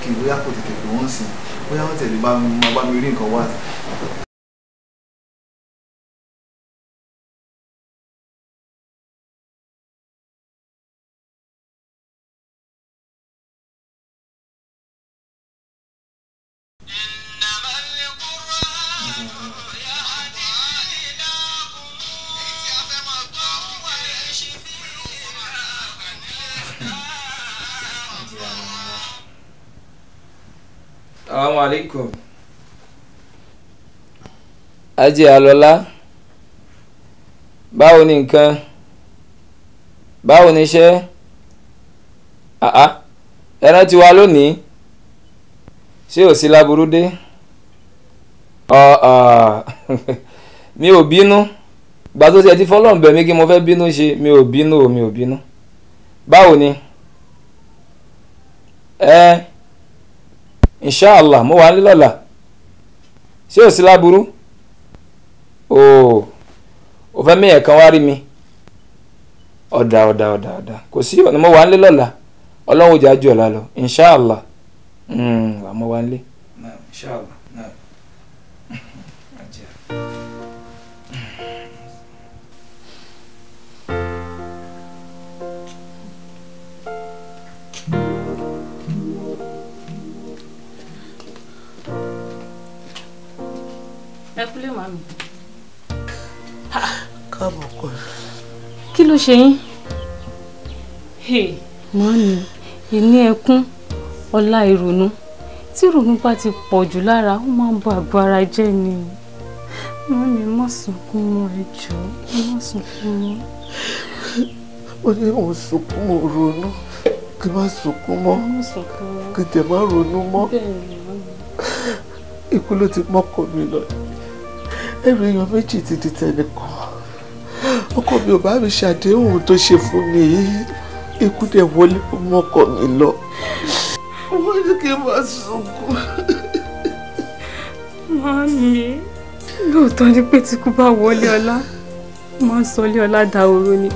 Speaker 4: kì í bóyá kò tètè pé wọ́n sìn bóyá wọ́n tẹ̀lé bá mi rí nǹkan wá sí i.
Speaker 3: Assalamu alaikum. ajé alọ́lá báwo ni nǹkan báwo ni iṣẹ́ àá ẹran ti wá lónìí ṣé ò sí láburú dé mi ò bínú gbà tó ti ẹ ti fọlọ́n bẹ̀ mí kí mo fẹ́ bínú ṣe mi ò bínú o mi ò bínú báwo ni ẹ. Eh, inshallah mo wà ní lọ́la ṣé ò sí láburú ooo ò fẹ́ mẹ́yẹ̀ kan wá rí mi ọ̀dà ọ̀dà ọ̀dà ọ̀dà kò sí ọ̀nà mo wà ní lọ́la ọlọ́run ò jà jù ọ̀la lọ inshallah àmọ́ hmm, wà ní lé inshallah.
Speaker 2: kúlé màmí. káàbọ̀ kọ́ ẹ. kí ló ṣe yín? mọ́ni ìní ẹkún ọlá ìrònú tí ìrònú bá ti pọ̀ jù lára ó máa ń ba àgọ́
Speaker 1: ara jẹ́ ni mọ́ni má sunkún mọ́ ẹ jọ̀ọ́
Speaker 4: má sunkún mọ́.
Speaker 1: ó ní mò ń sunkún mò ń ronú kí n má sunkún mọ́ kí n tẹ̀ má ronú mọ́ ikú ló ti mọ́kàn mi lọ ẹrù èèyàn méjì ti di tẹnìkan ọkọ mi ò bá mi ṣàdéhùn tó ṣe fún mi ikú dẹ̀ wọlé mọ́kọ mi lọ wọ́n ní kí n máa sunkún.
Speaker 2: Mami, lóòótọ́ ni pé tí kú bá wọlé ọlá, máa ń sọ ilé ọlá dahoro ni.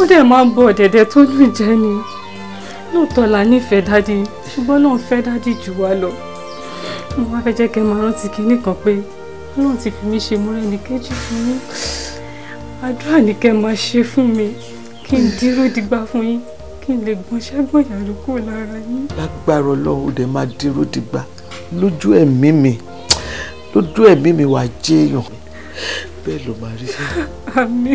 Speaker 2: Ó dẹ̀ máa ń bọ̀ dẹ̀dẹ̀ tó lù jẹ́ ni. Lóòótọ́ la nífẹ̀ẹ́ dádì, ṣùgbọ́n náà fẹ́ dádì jù wá lọ. Mo wá fẹ́ jẹ́ kẹ́ máa rántí kinní kan pé ọlọ́run ti fi mí ṣe múra ẹnì kejì fún yín àdúrà ni kẹ́ máa ṣe fún mi kí n dúró dìgbà fún yín kí n lè gbọ́n ṣẹ́gbọ́n ìyàrá kúrò
Speaker 4: lára yín.
Speaker 1: lágbára ọlọ́run ó dẹ̀ máa dúró dìgbà lójú ẹ̀mí mi lójú ẹ̀mí mi wàá jẹ́yàn bẹ́ẹ̀ ló máa rí.
Speaker 4: àmì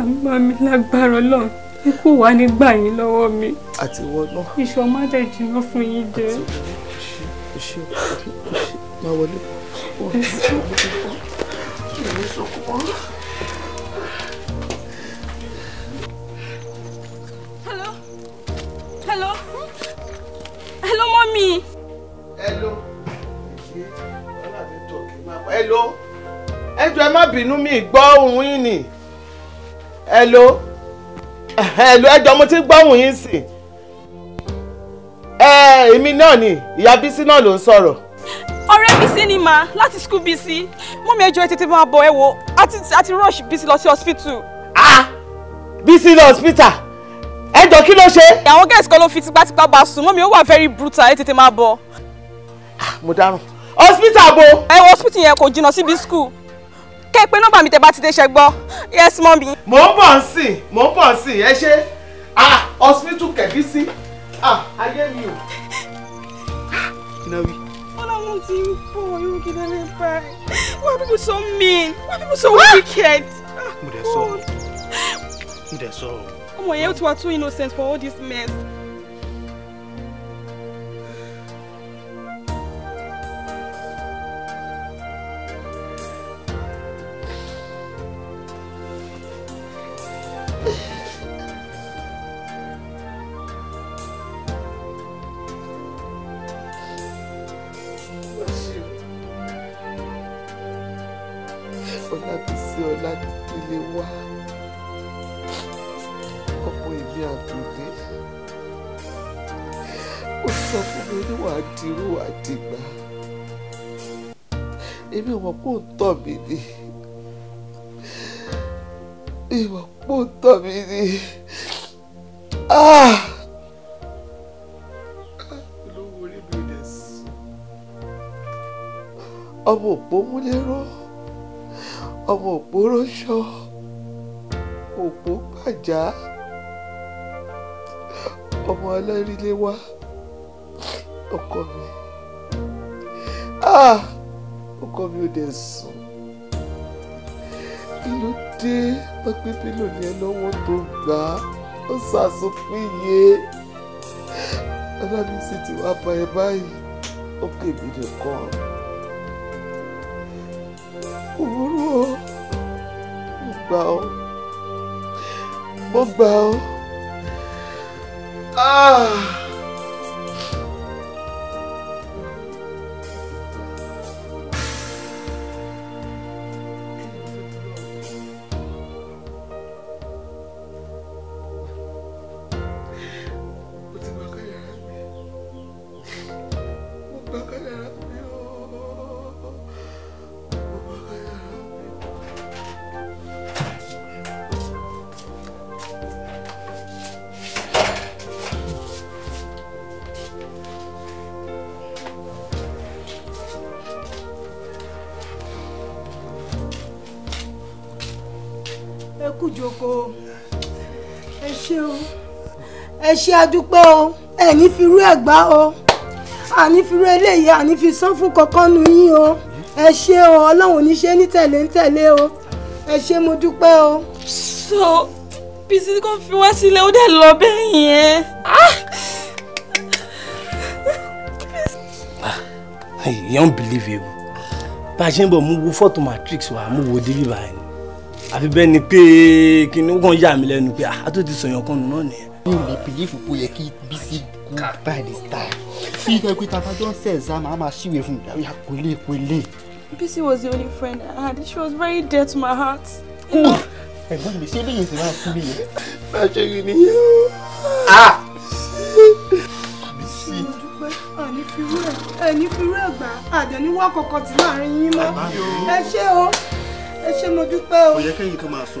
Speaker 2: àmì àmì lágbára ọlọ́run ikú wa ní gbà yín lọ́wọ́ mi. àti wọn náà. iṣu
Speaker 1: ọmọdé jìnnà fún yín jẹ. àti wọn náà ṣe ṣe máa wọlé. Hello? Hello? Hello, mommy. Hello. Hello. Ẹ jọ̀ọ́ ẹ má bínú mi gbọ́ ohùn yín ni. Hello. Hello ẹ jọ̀ọ́ mo ti gbọ́ ohùn yín sí. Ẹ èmi náà ni ìyá Bísí náà ló ń sọ̀rọ̀
Speaker 2: ọ̀rẹ́ Bísí ni mà láti skul Bísí mọ́mí ẹjọ́ ẹ tètè máa bọ̀ ẹ wo àti rush Bísí lọ sí hospital. ah Bísí lọ hospital ẹ jọ kí ló ṣe. àwọn guys kan ló fi tipátipá bá sùn mọ́mí ó wà very brutal ẹ tètè máa bọ̀. Ah, mo dárùn hospital bo. ẹ wo hospital yẹn kò jìnnà síbi skul kẹ́ ẹ pé nọ́mbà mi tẹ́ bá ti dé ṣe gbọ́ yes mọ́mí. mò ń
Speaker 1: bọ̀ ń sìn mò ń bọ̀ ń ẹ ṣe ah hospital kẹ̀bí sí ah ayé mi o. Ah, kí Solomon ti ń bọ̀ irú kí lẹ́nu
Speaker 2: báyìí. Why are people so mean? Why are people so ah! wicked? Mo dẹ̀ ah, sọ̀rọ̀. Mo dẹ̀ sọ̀rọ̀. Ọmọ yẹn ó ti wá too innocent for all this mess.
Speaker 1: ó sọ fún mi ní wàá dirú wàá dìgbà èmi ò mọ̀ pé ó ń tọ̀ mí ni ìwọ̀ pé ó ń tọ̀ mí ni ah! olówó ọmọ òpó múlẹ́rọ́ ọmọ òpó rọ́ṣọ́ òpó gbàjá ọmọ alárílé wá ọkọ mi ah, ọkọ mi ò dẹ̀ sùn ìlú dé pápẹ́pẹ́ lòní ẹ lọ́wọ́ tó gbà á ó ṣàṣùpìyẹ alábí sì ti wá bá ẹ báyìí ó kèmí nìkan
Speaker 4: òwúrọ̀ ó gbà ó mo gbà ó. Ah!
Speaker 2: dẹ̀ gbá o àní fi rú eléyìí àní fi san fún kankan nu yín o ẹ ṣé o ọlọ́run ní ṣe ní tẹ̀lé ń tẹ̀lé o ẹ ṣé mo dúpẹ́ o.
Speaker 3: so bísí kò fi wá sílẹ̀ ó dẹ̀ lọ bẹ́ẹ̀ yẹn.
Speaker 1: ìyá ń bìlíìfì ewu bá a ṣe ń bọ̀ mo wo fọ́tò matrix wa mo wo débi báyìí àfi bẹ́ẹ̀ ni pé kí ni ó kàn yà mí lẹ́nu pé àtúntì ah, sọ̀yàn kan nù náà nìyẹn mi ò lè bìlífù pé ó yẹ kí Bísí kú by this time bí ìgbà pé tàbá jọ ń ṣe ẹ̀zá màá máa ṣíwèé fún mi ìyá
Speaker 2: was the only friend I had she was very dear to my heart.
Speaker 1: ẹ̀gbọ́n mi ṣé lóye ṣe máa kú nìyẹn. bá a Ah! rí nìyẹn
Speaker 2: o. Bísí. àní fi rú ẹ̀ ẹ̀ní fi rú ẹ̀ gbà àjẹ́ ní wọ́n kọ̀ọ̀kan ti láàrin yín mọ́ ẹ ṣé o
Speaker 1: ẹ ṣé mo dúpẹ́ o. kò yẹ kẹ́yìn kan máa sọ.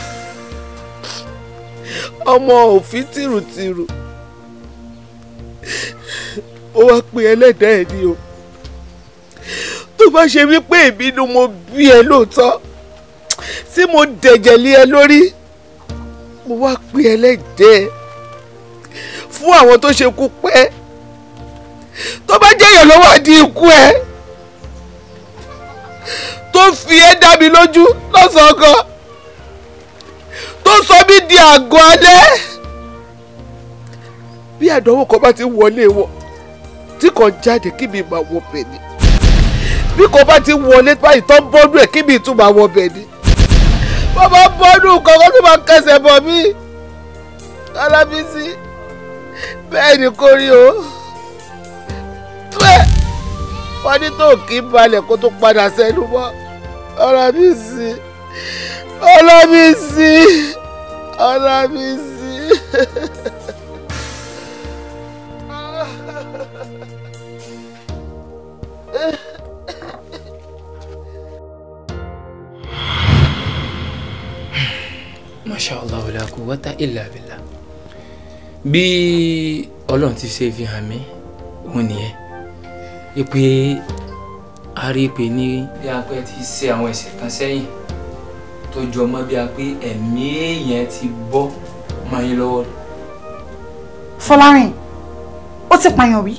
Speaker 1: ọmọ òfin tìrùtìrù ó wá pé ẹlẹ́dàá ẹ̀ ni o tó bá ṣe wípé èmi ni mo bí ẹ lóòótọ́ tí mo dẹ̀jẹ̀ lé ẹ lórí mo wá pé ẹlẹ́dàá ẹ fún àwọn tó ṣe kú pẹ́ tó bá jẹ́yàn lọ́wọ́ àdí ikú ẹ tó fi ẹ́ dá mi lójú lọ́sàn tó sọ mí di àgọ́ alẹ́ bí àdánwò kan bá ti wọlé wọ tí kò jáde kí mi máa wọ bẹ̀ ni bí kò bá ti wọlé báyìí tó ń bọ́dún ẹ̀ kí mi tún máa wọ bẹ̀ ni bàbá bọ́dún kankan tó máa kẹsẹ̀ bọ̀ mí alábísí bẹ́ẹ̀ ni kò rí o bẹ́ẹ̀ wọ́n ní tó kí n balẹ̀ kó tó padà sẹ́nu mọ́ ọlọ́bísí ọlọ́bísí ara mi
Speaker 4: sí.
Speaker 3: masha allah la quwwata illa billah bí ọlọ́run ti ṣe fi hàn mí òun nìyẹn ipe a rí i pé ní. bí apẹ ti ṣe àwọn ẹ̀ṣẹ̀ kan sẹ́yìn tó jọmọ́ bí a pé ẹ̀mí èèyàn ti bọ́ máa yín lọ́wọ́.
Speaker 2: Fọlárìn ó ti pààyàn wí.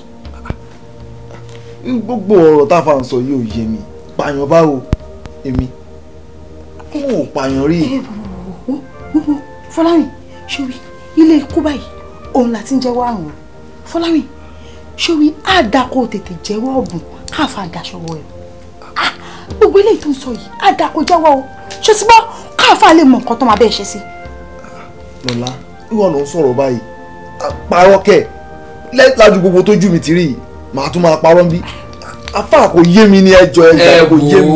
Speaker 1: gbogbo ọ̀rọ̀ tá a fà ń sọ yóò yé mi pààyàn báwo èmi n ò pààyàn rí.
Speaker 2: Fọlárìn ṣòwì ilé ikú báyìí òun la ti ń jẹ́wọ́ àrùn Fọlárìn ṣòwì á dáa kó o tètè jẹ́wọ́ ọ̀bùn káfa daṣọwọ́ ẹ̀ gbogbo eléyìí tó ń sọ yìí á dáa kó jẹ́wọ́ o ṣé ti gbọ́ káàfà lè mọ nǹkan tó máa bẹ́ẹ̀ ṣe sí.
Speaker 1: lọ́lá ìwọ ló ń sọ̀rọ̀ báyìí parọ́ kẹ̀ lájú gbogbo tójú mi ti rí yìí màá tún máa parọ́ bí afá kò yé mi ní ẹjọ́ ẹjọ́ kò yé mi.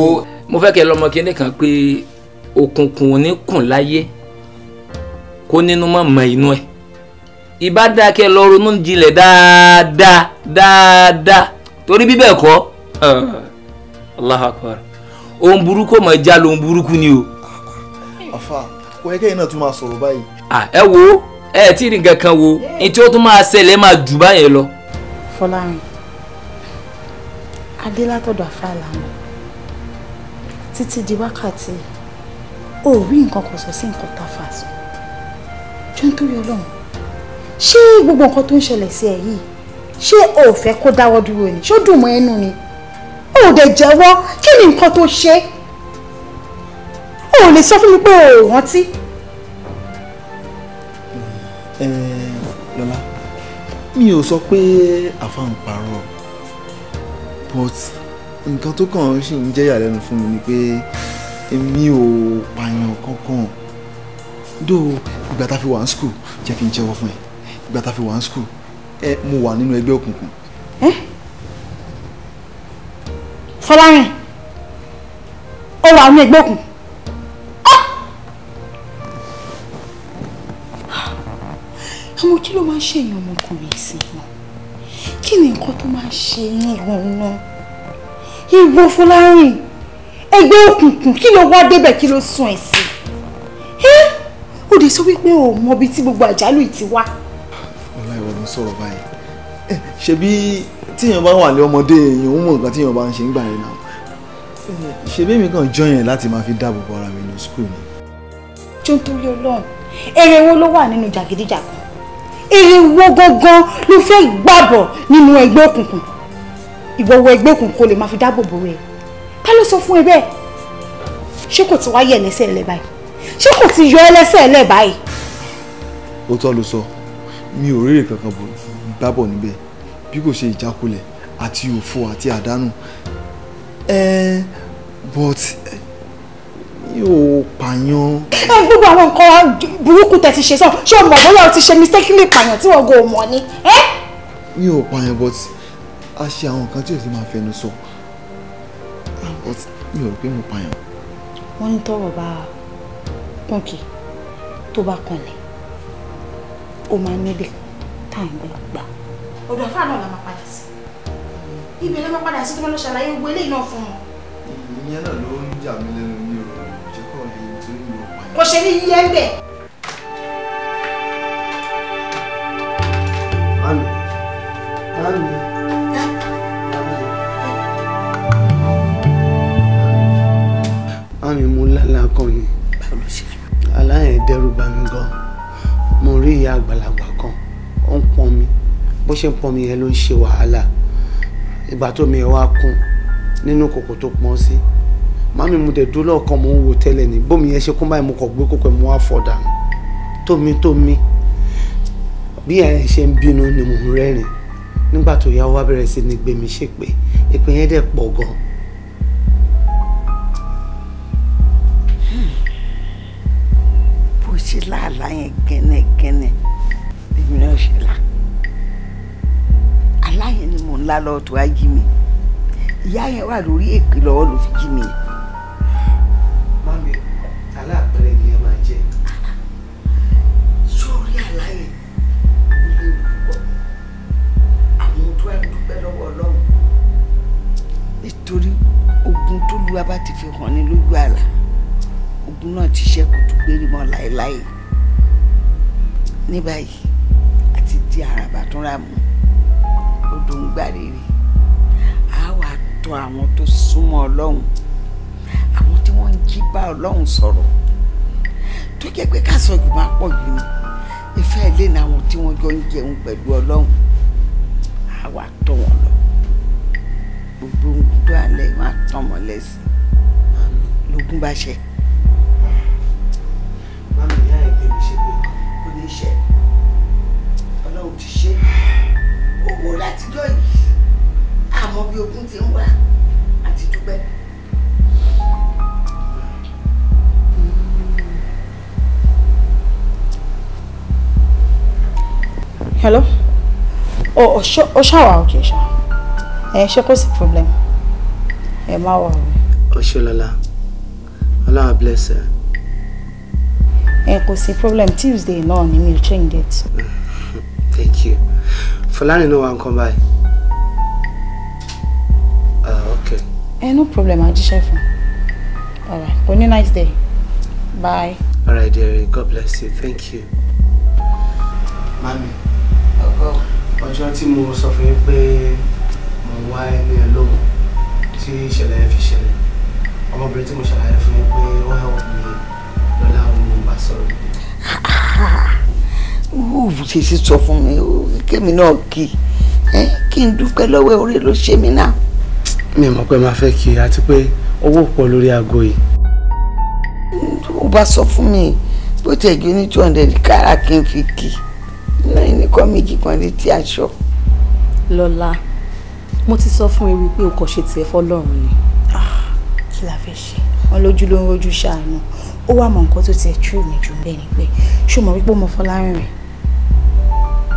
Speaker 3: mo fẹ́ kẹ́ lọ́mọ kí nìkan pé òkùnkùn ò ní kùn láyé kó nínú mọ̀ mọ inú ẹ̀ ìbá dáa kẹ́ lọ ronú jinlẹ̀ dáadáa dáadáa torí bíbẹ̀ kọ́ ah, Allahu Akbar ohun burúkú mọ̀ já lohun burúkú ni o. àfà
Speaker 1: kò yẹ kẹ́yìn náà tún máa sọ̀rọ̀ báyìí.
Speaker 3: ẹ wo ẹ tí ì rí nǹkan kan wo ní tí ó tún máa ṣẹlẹ̀ máa jù báyẹn lọ.
Speaker 1: fọlárin
Speaker 2: adé látọ̀dọ̀ àfà làwọn títí di wákàtí ò rí nǹkan kan sọ sí nǹkan tá a fà sọ jọ nítorí ọlọ́run ṣé gbogbo nǹkan tó ń ṣẹlẹ̀ sí ẹ yìí ṣé o ò fẹ́ kó dáwọ́ dúró ni ṣó dùn mọ́ ẹnu ni o ò dẹ̀ jẹ́wọ́ kí ni nǹkan tó ṣe o ò lè sọ fún mi pé o ò rántí.
Speaker 1: lọ́lá mi ò sọ pé àfa parọ́ but nǹkan tó kàn ṣì ń jẹ́ ìyàlẹ́nu fún mi ni pé èmi ò pààyàn kankan dó ìgbà tá a fi wà ní school jẹ́ kí n jẹ́wọ́ fún ẹ ìgbà tá a fi wà ní school ẹ mo wà nínú ẹgbẹ́ òkùnkùn. ẹ́
Speaker 2: Fọlárìn ó wà ní ẹgbẹ́ òkun. àmọ́ ah! kí ló máa ń ṣe èèyàn ọmọkùnrin ìsìnkú kí ni nǹkan tó máa ń ṣe ní ìwọ̀n náà ìwọ Fọlárìn ẹgbẹ́ òkùnkùn kí ló wá débẹ̀ kí ló sún ẹ̀ sí ó dé sọ wípé ò mọbi tí gbogbo àjálù yìí ti
Speaker 1: wá. ọlá ló sọ̀rọ̀ báyìí ṣebí tíyàn bá wà ní ọmọdé èèyàn ń mọ nǹkan tíyàn bá ń ṣe ń gbà yẹn náà ṣebí èmi kàn jọ yẹn láti máa fi dáàbò bo ara mi ní skul ni.
Speaker 2: jọ nítorí Ọlọ́run èrè wo ló wà nínú jàgídíjàgan èrè wo gangan ló fẹ́ gbàbọ̀ nínú ẹgbẹ́ òkùnkùn ìwọ̀wọ̀ ẹgbẹ́ òkùnkùn kò lè máa fi dáàbò bo rẹ̀ ká ló sọ fún ẹ bẹ́ẹ̀ ṣé kò ti wá yẹ lẹ́sẹ̀ ẹlẹ́ báyìí ṣé kò ti yọ ẹ lẹ́sẹ̀ ẹlẹ́ báyìí.
Speaker 1: ó tọ́ ló sọ mi ò rí kankan bábọ̀ níbẹ̀ bí kò ṣe ìjákulẹ̀ àti òfò àti àdánù ẹ but mi ò pààyàn. ẹ gbogbo àwọn nǹkan burúkú tẹ ti ṣe sọ ṣé o
Speaker 2: mọ̀ bóyá o ti ṣe mistakenly pààyàn tí wọn kò mọ̀ ni.
Speaker 1: mi pààyàn but a ṣe àwọn nǹkan tí o ti máa fẹnu sọ but mi ò rò pé mo pààyàn.
Speaker 2: wọ́n ní tọ́rọ̀ bá pọ́ǹkì tó bá kanlẹ̀ ó máa níbi tá à ń gbà ọ̀dọ̀ àfáà náà la máa padà sí ibẹ̀ la máa padà sí tó máa lọ ṣàlàyé gbogbo eléyìí náà fún wọn.
Speaker 1: ìyẹn náà ló ń jà mí lẹ́nu ní ọ̀rọ̀ ìjẹ́kọ̀ọ́ yìí tó ń lò
Speaker 2: pa. kò ṣe ní yíyẹ ń bẹ̀. Ami. Ami.
Speaker 1: Ami kan ni. Aláyẹn dẹ́rù bà gan. Mo rí ìyá àgbàlagbà kan. Ó ń pọn mi bó ṣe ń pọn mi yẹn ló ń ṣe wàhálà ìgbà tó mi yẹn wá kún nínú kòkò tó pọn sí màmí mo dẹ̀ dúró lọ́ọ̀kan mo ń wo tẹ́lẹ̀ ni bómi yẹn ṣe kún báyìí mo kàn gbé kókò mo wá fọ̀ dànù tómi tómi bí ẹ̀yìn ṣe ń bínú ni mò ń rẹ́rìn nígbà tó yá wá bẹ̀rẹ̀ sí ni gbèmí ṣèpè ìpè yẹn dẹ̀ pọ̀ gan-an
Speaker 5: hmm. ṣe láàlá yẹn gẹ́nẹ́gẹ́nẹ́ èmi náà ṣe láà aláyẹn ni mò ń lá lọ́wọ́ tó wá jí mi ìyá yẹn wà lórí èké lọ́wọ́ ló fi jí mi.
Speaker 1: mami aláàpẹrẹ ni ẹ máa jẹ. sórí
Speaker 5: aláyẹn ilé olùkọ́ àwọn tó ń dúpẹ́ lọ́wọ́ ọlọ́run. nítorí ogun tó lu abá ti fi hàn ní lójú àlá ogun náà ti ṣẹ́kù tó gbére mọ́ láéláé ní báyìí àti di àràbà tó rà mú dòǹgbà rere á wà tọ̀ àwọn tó súnmọ́ ọlọ́run àwọn tí wọ́n ń jí bá ọlọ́run sọ̀rọ̀ tó jẹ́ pé káṣọ jù máa pọ̀ jù ní ìfẹ́ ilé ní àwọn tí wọ́n jọ ń jẹun pẹ̀lú ọlọ́run á wà tọ̀ wọ́n lọ gbogbo nkudu alẹ́ máa tán mọ́ lẹ́sìn lógún bá ṣe. mami ìyá ẹgbẹ́ mi ṣe pé kò ní í ṣe ọlọ́run ti ṣe é owó látijọ́ yìí àmọ́ bí ogun ti ń wá àti dúpẹ́.
Speaker 2: hello oh o ṣáwa òkè ṣá ẹ ṣe kò sí problem ẹ má wà o.
Speaker 1: Ọṣọlọlá Ọlọ́run bless ẹ.
Speaker 2: ẹ kò sí problem Tuesday náà ni mi ò change date.
Speaker 1: thank you. Fọlárìn náà wà nǹkan by. Uh, ah, okay.
Speaker 2: Eh, no problem, I'll just share phone. All right, have a nice day. Bye.
Speaker 1: All right, dearie, God bless you. Thank you. Mami, ọkọ ọjọ́ tí mo sọ fún yín pé mo wá alone. ẹ lóhùn tí ìṣẹ̀lẹ̀ fi ṣẹlẹ̀. Ọmọbìnrin tí mo ṣàlàyé fún yín my ó hẹ̀wọ̀n mi.
Speaker 5: ṣe sí sọ fún mi kémi náà kì í kí n dúpẹ́ lọ́wọ́ orí ló ṣe mí náà. mi mọ̀ pé máa fẹ́ kí i àti pé owó pọ̀ lórí aago yìí. ó bá sọ fún mi bó tẹ̀ ju ní two hundred kára kí n fi
Speaker 2: kì í náà nìkan méjì kan létí aṣọ. lọ́la mo ti sọ fún ewu pé o kò ṣe tiẹ̀ fọlọ́run ni. Ah, kí la fẹ́ ṣe wọn lójú ló ń rojú ṣàánú ó wà mọ nǹkan tó tiẹ̀ tú mi jù bẹ́ẹ̀ ni pé ṣó wípé mo fọlá rìn rìn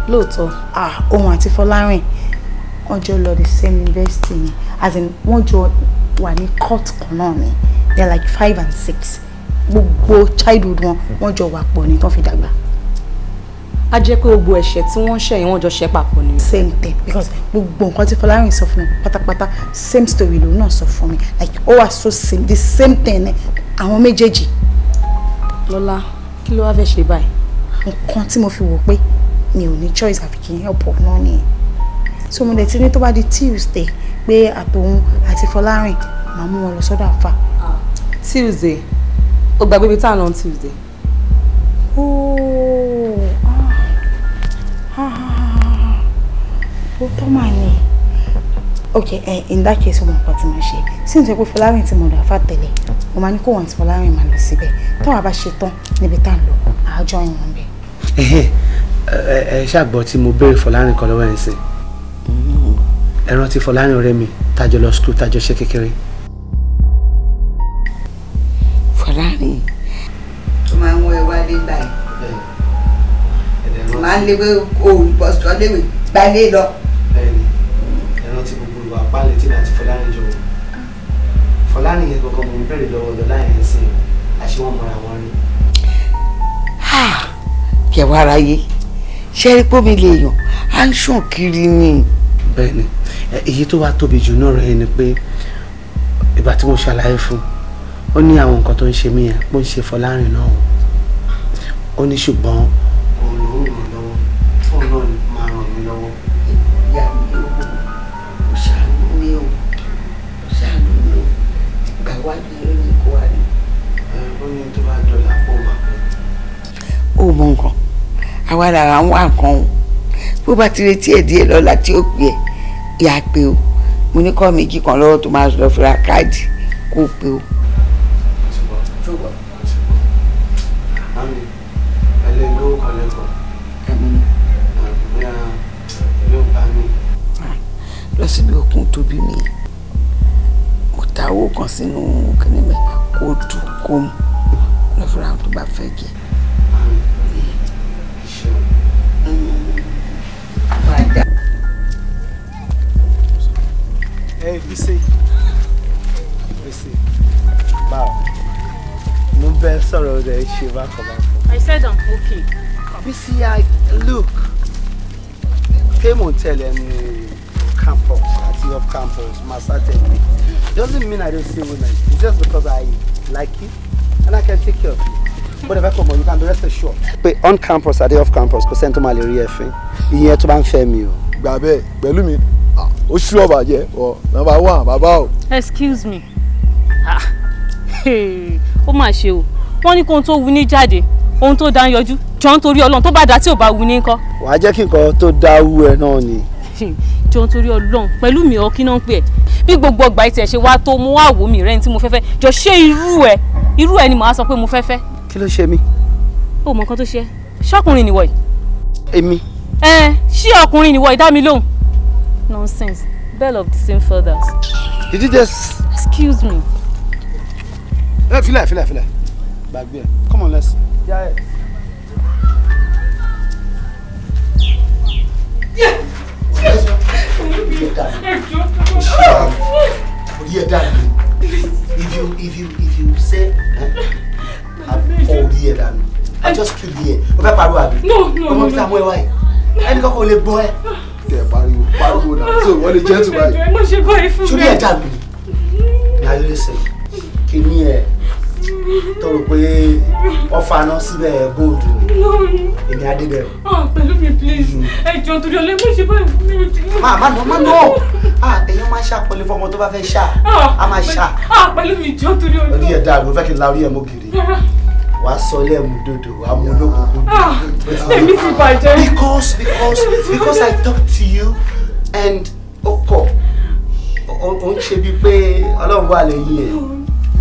Speaker 2: lóòótọ́ ah òun àti Fọlárìn wọ́n jọ lọ the same university ni as in wọ́n jọ wà ní court kan náà ni they are like five and six gbogbo childhood wọn wọ́n jọ wà pọ̀ ní tán fi dàgbà a jẹ́ pé gbogbo ẹ̀ṣẹ̀ tí wọ́n ṣẹ̀ yẹn wọ́n jọ ṣẹ̀ papọ̀ ni. same thing because gbogbo nǹkan tí Fọlárìn sọ fún mi pátápátá same story lòun náà sọ fún mi like ó wà so same the same thing ni àwọn méjèèjì. lọ́lá kí ló wá fẹ́ ṣe báyìí. nǹkan tí mo fi wò pé mi ò ní choice àfi kí n help ọ náà nìyẹn so mo dẹ̀ ti ní tó bá di tuesday pé àtòun àti fọlárìn màá mú wọn lọ sọ́dọ̀ àfà. tuesday ó gbàgbé ibi táwọn lọ tuesday. ooo oh, ah. ah, ah, ó tọ́ màá ní ok in that case ọmọ nǹkan tí mo ṣe since pé fọlárìn tí mo lọ àfà tẹ̀lé mo máa ní kó wọn àti fọlárìn máa lọ síbẹ̀ táwọn bá ṣe tán níbi tá à ń lọ àájọ ìwọ̀n
Speaker 6: bẹ́ẹ̀
Speaker 1: ẹ ṣàgbọ́ tí mo béèrè fọlárin kan lọ́wọ́ ẹ̀ ń sìn ẹ rántí fọlárin ọ̀rẹ́ mi tájọ lọ skul tájọ ṣe kékeré.
Speaker 5: fọlárin tó máa ń wọ ẹ wálé báyìí tó máa ń léwé òòrùn bọ́sùtọ́ léwé gbalé lọ.
Speaker 1: ẹ rántí gbogbo ìwà pálẹ̀ tí màá ti fọlárin jọ fọlárin yẹn gangan mo ń béèrè lọ́wọ́ lọ́la ẹ̀ ń sìn àṣé wọ́n wọn rí.
Speaker 5: kẹwàá aráyé ṣe rí pómi lè yàn á ń ṣàn kiri ni. bẹ́ẹ̀ni èyí
Speaker 1: tó wàá tóbi jù náà rẹ ni pé ìgbà tí mo ṣàlàyé fún ó ní àwọn nǹkan tó ń ṣe mí yẹn pé ó ń ṣe Fọlárin náà ó ní ṣùgbọ́n òun ló ràn lọ́wọ́ òun náà ni máa ràn
Speaker 5: mọ nǹkan àwa làwa ń wá nǹkan o bó bá ti retí ẹ̀ díẹ̀ lọ́la tí ó pè ẹ́ ìyá pé o mo ní kọ́ méjì kan lọ́wọ́ tó máa lọ fi káàdì kó pé o. lọ síbi òkun tóbi mi mo ta owó kan sínú kìnìún kó dùn kó mu lọ fúnra tó bá fẹ́ jẹ.
Speaker 1: Hey, Bisi. Bisi. Bow. No best sorrow there, Shiva. I said I'm okay. Bisi, I look. Came on telling me campus, at your campus, master me Doesn't mean I don't see women. It's just because I like you and I can take care of you. whatever come on, you can be rest assured. Pé on campus àti off campus kò sẹ́ni tó máa lè rí ẹ̀fín. Ìyẹn tó bá ń fẹ́ mi ó ṣú ọ̀bàjẹ́ ọ nàmbà wà bàbá o.
Speaker 4: excuse me
Speaker 2: ó mà ṣe o wọ́n ní kóhun tó wù ní jáde ohun tó dá ń yọjú jọ nítorí ọlọ́run tó bá dá tí ò
Speaker 1: bá wù ní nǹkan. wàá jẹ́ kí nǹkan tó dá wú ẹ náà ni.
Speaker 2: jọ nítorí ọlọ́run pẹ̀lú mi ọkí náà ń pè ẹ́ bí gbogbo ọgbà ìtẹ̀ ṣe wá tó mú wá wò mí rẹ́ni tí mo fẹ́ fẹ́ jọ ṣé irú ẹ irú ẹ ni màá sọ pé mo fẹ́ fẹ́. kí ló ṣe mí. ó mọ nǹkan tó ṣe ṣọkùnrin nìwọ yìí. èmi. ẹ ṣí ọkùnrin nìwọ yìí dá mi lóhùn. Nonsense. Bell
Speaker 1: of the same feathers. Did you just... Excuse me. Hey, feel it, feel Back there. Come on, let's... Yeah,
Speaker 4: yeah. If
Speaker 1: you if you if you say eh, all year dànù, I just kill the air. O fẹ́ pariwo àbí? No no no. Ọmọ mi ta mú ẹ wáyé. Ẹnì kan kò lè gbọ́ ẹ. Tẹ̀ bá pariwo náà so wọ́n lè jẹ́ tó báyìí. mo ṣe báyìí fún mi. sórí ẹja mi ni ayé kí ni ẹ tọrọ pé ọfà síbẹ̀ gold èmi adébẹ̀rẹ̀. Ah, pẹ̀lú mi please hmm. ẹjọ́ torí ọlẹ́ mo ṣe báyìí fún mi. Ah, má má nọ má ah, nọ èyàn máa ṣàpọ̀lẹ̀ fọmọ tó bá fẹ́ ṣá a máa ṣá. pẹ̀lú mi jọ́ torí ọlẹ́. orí ẹ̀ dáa mo fẹ́ kí n la orí ẹ̀ mọ́ gírí wàá sọ lẹ́ẹ̀mú dodo wàá mú olókùnkùn dodo. èmi ti bàjẹ́. because because because I talk to you and ọkọ òun ṣe bíi pé ọlọ́run wà lẹ́yìn ẹ̀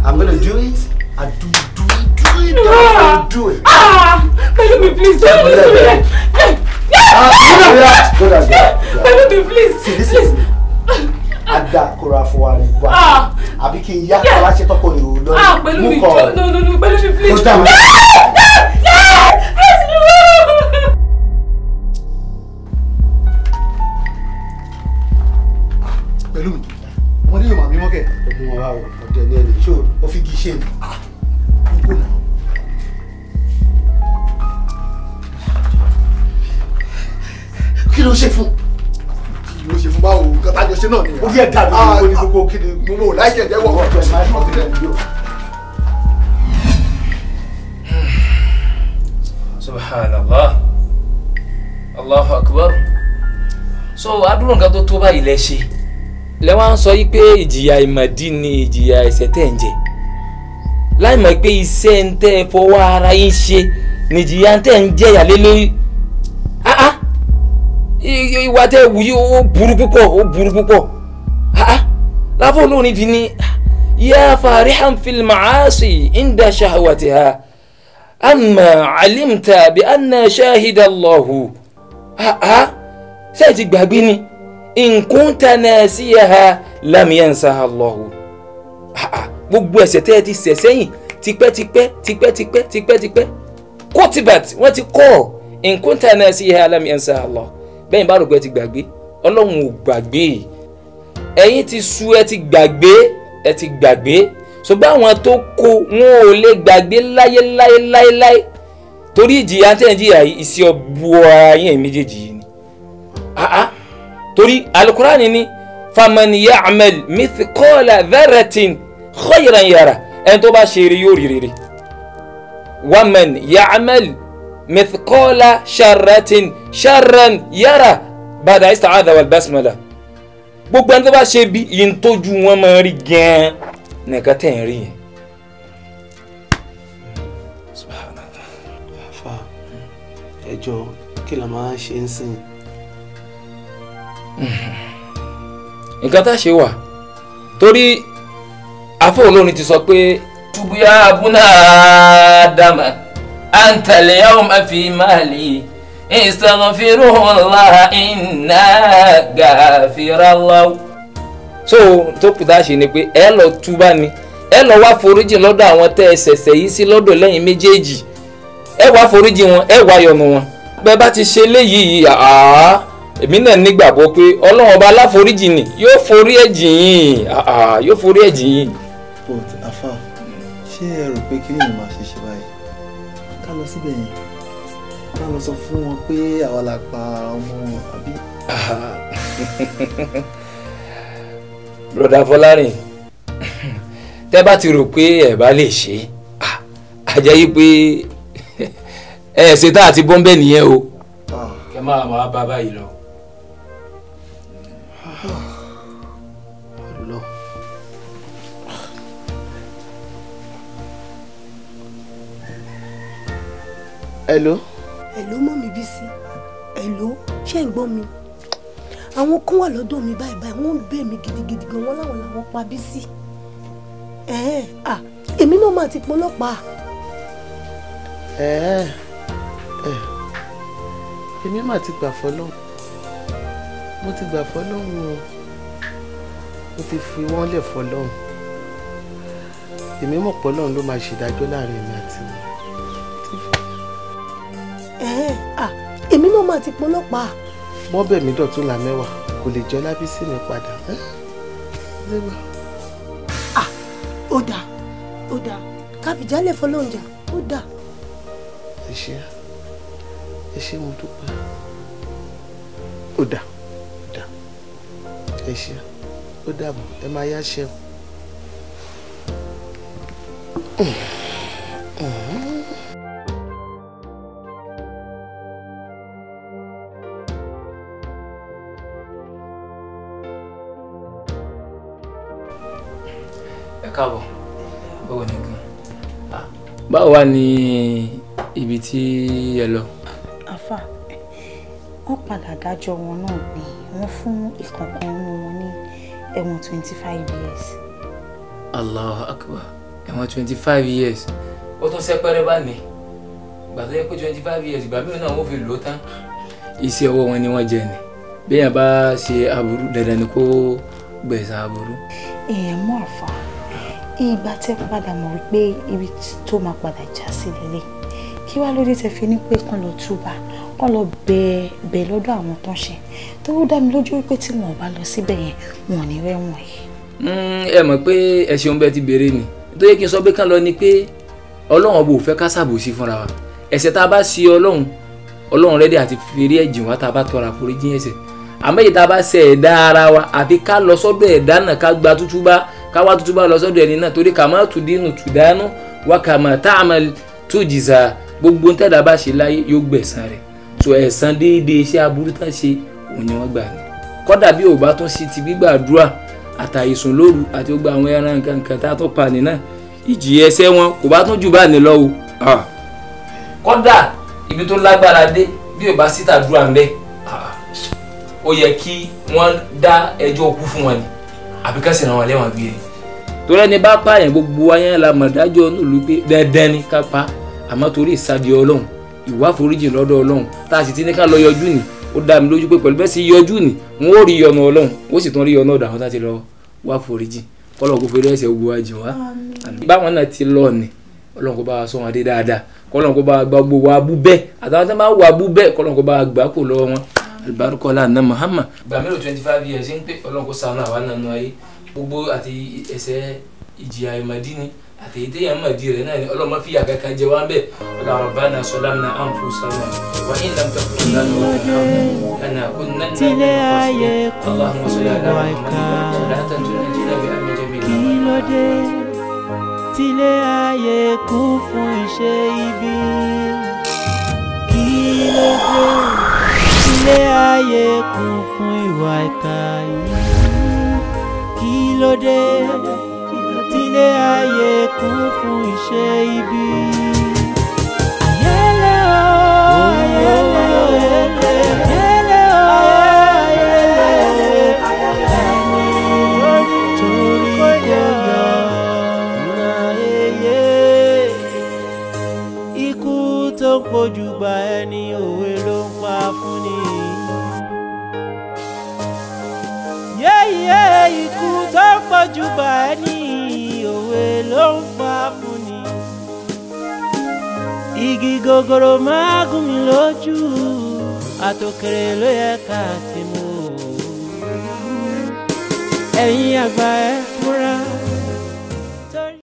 Speaker 1: i'm gonna do it i do do do it don't do it. ah Pelumi ah! please don't do it. Yeah. Ah, go that, go that, go that. Pelumi please. See, this ah! is ada kora fún wa ní wa àbí ah! n yá kọ́lá ṣe tọ́kọ̀ lè rò lọ́rùn mú kọ́
Speaker 3: ọ́ Pelumi please.
Speaker 1: mo nílò màmí mọ́kẹ́. ọmọ wa o ọdẹ ní ẹni ṣó o fi kì í ṣe ni. gbogbo náà. kí ló ṣe fún. kí ló ṣe fún báwo nǹkan tá a jọ ṣe náà nìyẹn. ó yẹ dàbí mo ah, ní gbogbo kí ni ah. mo mọ̀ láì jẹ̀jẹ̀ wọ̀ ọ̀jọ̀ ìmáyé ọ̀tẹ̀ lẹ́nu
Speaker 3: subhanallah Allah akbar so adúrò nǹkan tó tó báyìí lẹ ṣe lẹ wá ń sọ yìí pé ìjìyà ìmọ̀dí ni ìjìyà ẹ̀ṣẹ̀ tẹ̀ ń jẹ láìmọ̀ pé iṣẹ́ ń tẹ́ fọwọ́ ara yín ṣe ni ìjìyà ń tẹ̀ ń jẹ ìyàlé lórí ìwà tẹ́ wù yí ó burú púpọ̀ ó burú púpọ̀ láfọ̀ olórin fi ni ya farihan fil ma'asi inda shahawatiha amma alimta bi anna shahida allahu ṣé ẹ ti gbàgbé ni in kunta nasiyaha lam yansaha Allahu gbogbo ẹ̀ṣẹ̀ tẹ́ ẹ ti ṣẹ̀ sẹ́yìn tipẹ́tipẹ́ tipẹ́tipẹ́ tipẹ́tipẹ́ kutibat wọ́n ti kọ́ in kunta nasiyaha lam yansaha Allahu bẹ́ẹ̀ bá rògbẹ́ ti gbàgbé ọlọ́run ò gbàgbé ẹ̀yin ti su ẹ ti gbàgbé ẹ ti gbàgbé ṣùgbọ́n àwọn tó kó wọn ò lè gbàgbé láyé láyé láyé láyé torí ìjìyà tẹ̀ ń jìyà yìí ìṣe ọ̀bùọ̀ ara yẹn méjèèjì yìí ni torí alukurani ni faman ya'mal mithqala dharratin khayran yara ẹni tó bá ṣe rí yóò rí rere waman ya'mal mithqala sharratin sharran yara bada ista'adha wal basmala gbogbo ẹni tó bá ṣe bí yìí ń tójú wọn máa rí gan nìkan tẹ̀ ń rí yẹn. ẹjọ kí la máa ṣe ń sìn nǹkan tá a ṣe wà torí afọ olórin ti sọ pé. tubuya abuna adama antale yawma fi mali istaghfirullah inna gafirallahu. so tó kù tá a ṣe ni pé ẹ lọ túbá ni ẹ lọ wá foríjì lọ́dọ̀ àwọn tẹ́ ẹ ṣẹ̀ṣẹ̀ yìí sí lọ́dọ̀ lẹ́yìn méjèèjì ẹ wá foríjì wọn ẹ wá yọ́nú wọn bẹ́ẹ̀ bá ti ṣe léyìí àá èmi náà nígbàgbọ́ pé ọlọ́run ọba aláforíjì ni yóò forí ẹ̀jìn yìí yóò forí ẹ̀jìn yìí. but
Speaker 1: afa ṣé ẹ rò pé kí lèyìn máa ṣe ṣe báyìí ká lọ síbẹ̀ yẹn ká lọ sọ fún wọn pé àwa la pa ọmọ wọn àbí.
Speaker 3: broda fọlárìn tẹ́ bá ti rò pé ẹ bá lè ṣe àjẹ́ yí pé ẹ ṣe tá àti bọ́ńbẹ́ nìyẹn o. Ah. kẹ máa wàá bá báyìí lọ.
Speaker 1: Ọlọ́run. Hello.
Speaker 2: Hello mọ́mì Bísí. Hello ṣé ń gbọ́ mi? Àwọn kan wà lọ́dọ̀ mi báyìí báyìí wọ́n ń bẹ̀ mí gidigidi gan wọ́n láwọn làwọn pa Bísí. Ẹ̀ẹ́n à èmi náà máa ti
Speaker 1: pọlọ́pàá. Ẹ̀ẹ́ ẹ̀ èmi máa ti gbà fọlọ́run mo ti gbà fọlọ́run o mo ti fi wọ́n lẹ̀ fọlọ́run èmi mọ̀ pọ́lọ́run ló máa ṣèdájọ́ láàrin èmi àti mi. èmi náà máa ti pọlọ́pàá. wọ́n bẹ̀ mí dọ̀tún la mẹ́wàá kò lè jọ lábísí mi padà.
Speaker 2: ó dáa ó dáa káfíjálẹ̀ fọlọ́run jà ó dáa.
Speaker 1: ẹ ṣé ẹ ṣé mo dúpẹ́ ó dáa ẹ ṣe ó dàbọ̀ ẹ máa yá ṣe
Speaker 3: ẹ káàbọ̀ báwo ni gan. Ah. báwo wá ní ibi tí ẹ lọ.
Speaker 2: àfà wọn padà dájọ́ wọn náà ni wọn fún ìkọ̀ọ̀kan wọn ẹ̀wọ̀n twenty five years.
Speaker 3: Allah Akbar ẹ̀wọ̀n twenty five years ó tún sẹ́pẹ́rẹ́ bá mi ìgbà tó yẹ pé twenty years ìgbà mìíràn náà wọ́n fi lò ó tán. iṣẹ́ ọwọ́ wọn ni wọ́n jẹ ni bẹ́ẹ̀ bá ṣe aburú dandan ni kó gbẹ̀san aburú.
Speaker 2: èèyàn mú àfa ìgbà tẹ padà mọ̀ wípé ibi tó máa padà já sí lélẹ̀ kí wàá lóde tẹ fi ní pé kán lọ túbà kán lọ bẹ̀ẹ̀ bẹ̀ẹ̀ lọ́dọ̀ àwọn tó ń ṣe tó ó dá mi lójú wípé tí wọn ò bá lọ síbẹ̀ yẹn wọn ò ní rẹ́wọ̀n yìí.
Speaker 3: Hmm, ẹ mọ̀ pé ẹ̀sìn ọ̀bẹ ti béèrè ni tó yẹ kí n sọ pé kán lọ ni pé ọlọ́run ọba ò fẹ́ ká ṣàbòsí fúnra wa ẹ̀ṣẹ̀ tá a bá ṣe ọlọ́run ọlọ́run rẹ́dí àti fèrè ẹ̀jìn wa tá a bá tọrọ àforíjì ẹ̀ṣẹ̀ àmọ́ èyí tá a bá ṣe ẹ̀dá ara wa àfi ká lọ sọ́dọ̀ ẹ̀dá náà ká gba tútúbá ká wá tútúbá lọ sọ́dọ̀ ẹni náà torí kàmá tùdínú tùdánú wákàmá táàmà tó jìzà gbogbo ntẹ́dá bá ṣe láyé yóò gbẹ̀san rẹ̀ tó ẹ̀san déédéé iṣẹ́ aburú tán ṣe òun ni wọ́n gbà ní kódà bí òbá tún sí ti gbígbàdúrà àtàìsùn lóru àti gbogbo àwọn ẹran nǹkan kan tá a tún pa ní náà ìjìyà ẹ̀ṣẹ̀ wọn kò bá tún jù bá ní lọ o. kódà ibi tó lágbára dé bí òbá síta dúrà ń bẹ ó yẹ kí wọ́n dá ẹjọ́ òkú fún wọn ni àbí ká sì ràn wọn lẹ́wọ̀n gbé e. torí ẹni bá pààyàn gbogbo ayé la mọ̀ dájọ́ nílùú pé dandan ká pa àmọ́ torí ìsádi ọlọ́run ìwà àforíjì lọ́dọ̀ ọlọ́run tá a sì ti ní ká lọ yọjú ni ó dá mi lójú pé pẹ̀lú bẹ́ẹ̀ sì yọjú ni wọn ó rí ọ̀nà ọlọ́run ó sì tún rí ọ̀nà ọ̀dọ̀ àwọn tá a ti lọ wá àforíjì kọ́lọ́n kò fèrè ẹ̀ṣẹ̀ gbogbo àjò wa báwọn náà ti lọ ni kọ́lọ́n kò bá wa sọ wọn dé dáadáa kọ́lọ́n kò bá wa gba gbogbo abú bẹ́ẹ̀ àtàwọn tó máa wà abú bẹ́ẹ̀ kọ́lọ́n kò bá wa gbà kó lọ́wọ́ wọn alibarikọ́lá àná mahama. gbàmílò twenty five years ń pè ọlọ́run kò sànù àwa nànú ayé gbogbo àti ẹ̀ṣẹ̀ ìjìyà ìmọ̀dí ni àtẹ̀yìntẹ̀ yẹn máa di rẹ̀ náà ni ọlọ́mọ fi yà kankan jẹ wá bẹ́ẹ̀ ọ̀là rabbana salamna anfusana wa in lam taghfir
Speaker 4: lana wa tarhamna
Speaker 3: lanakunanna
Speaker 4: minal khasirin Allahumma salli ala Muhammadin salatan tunajjina biha min jami'il kílódé tílé ayé kún fún iṣẹ́ ibi kílódé tílé ayé kún fún ìwà ìkà yìí kílódé ilé ayé kún fún ìṣe ibi. ayẹlẹ o ayẹlẹ o ayẹlẹ o ayẹlẹ ẹni torí kò yọ láyé ikú tó ń kojú gba ẹni òwe ló ń pa fún ni. yéyé ikú tó ń kojú gba ẹni òwe ló ń pa ni igi gogoro máa gún mi lójú àtòkèrè ló yẹ ká ti mú ẹ̀yin àgbà ẹ fúnra.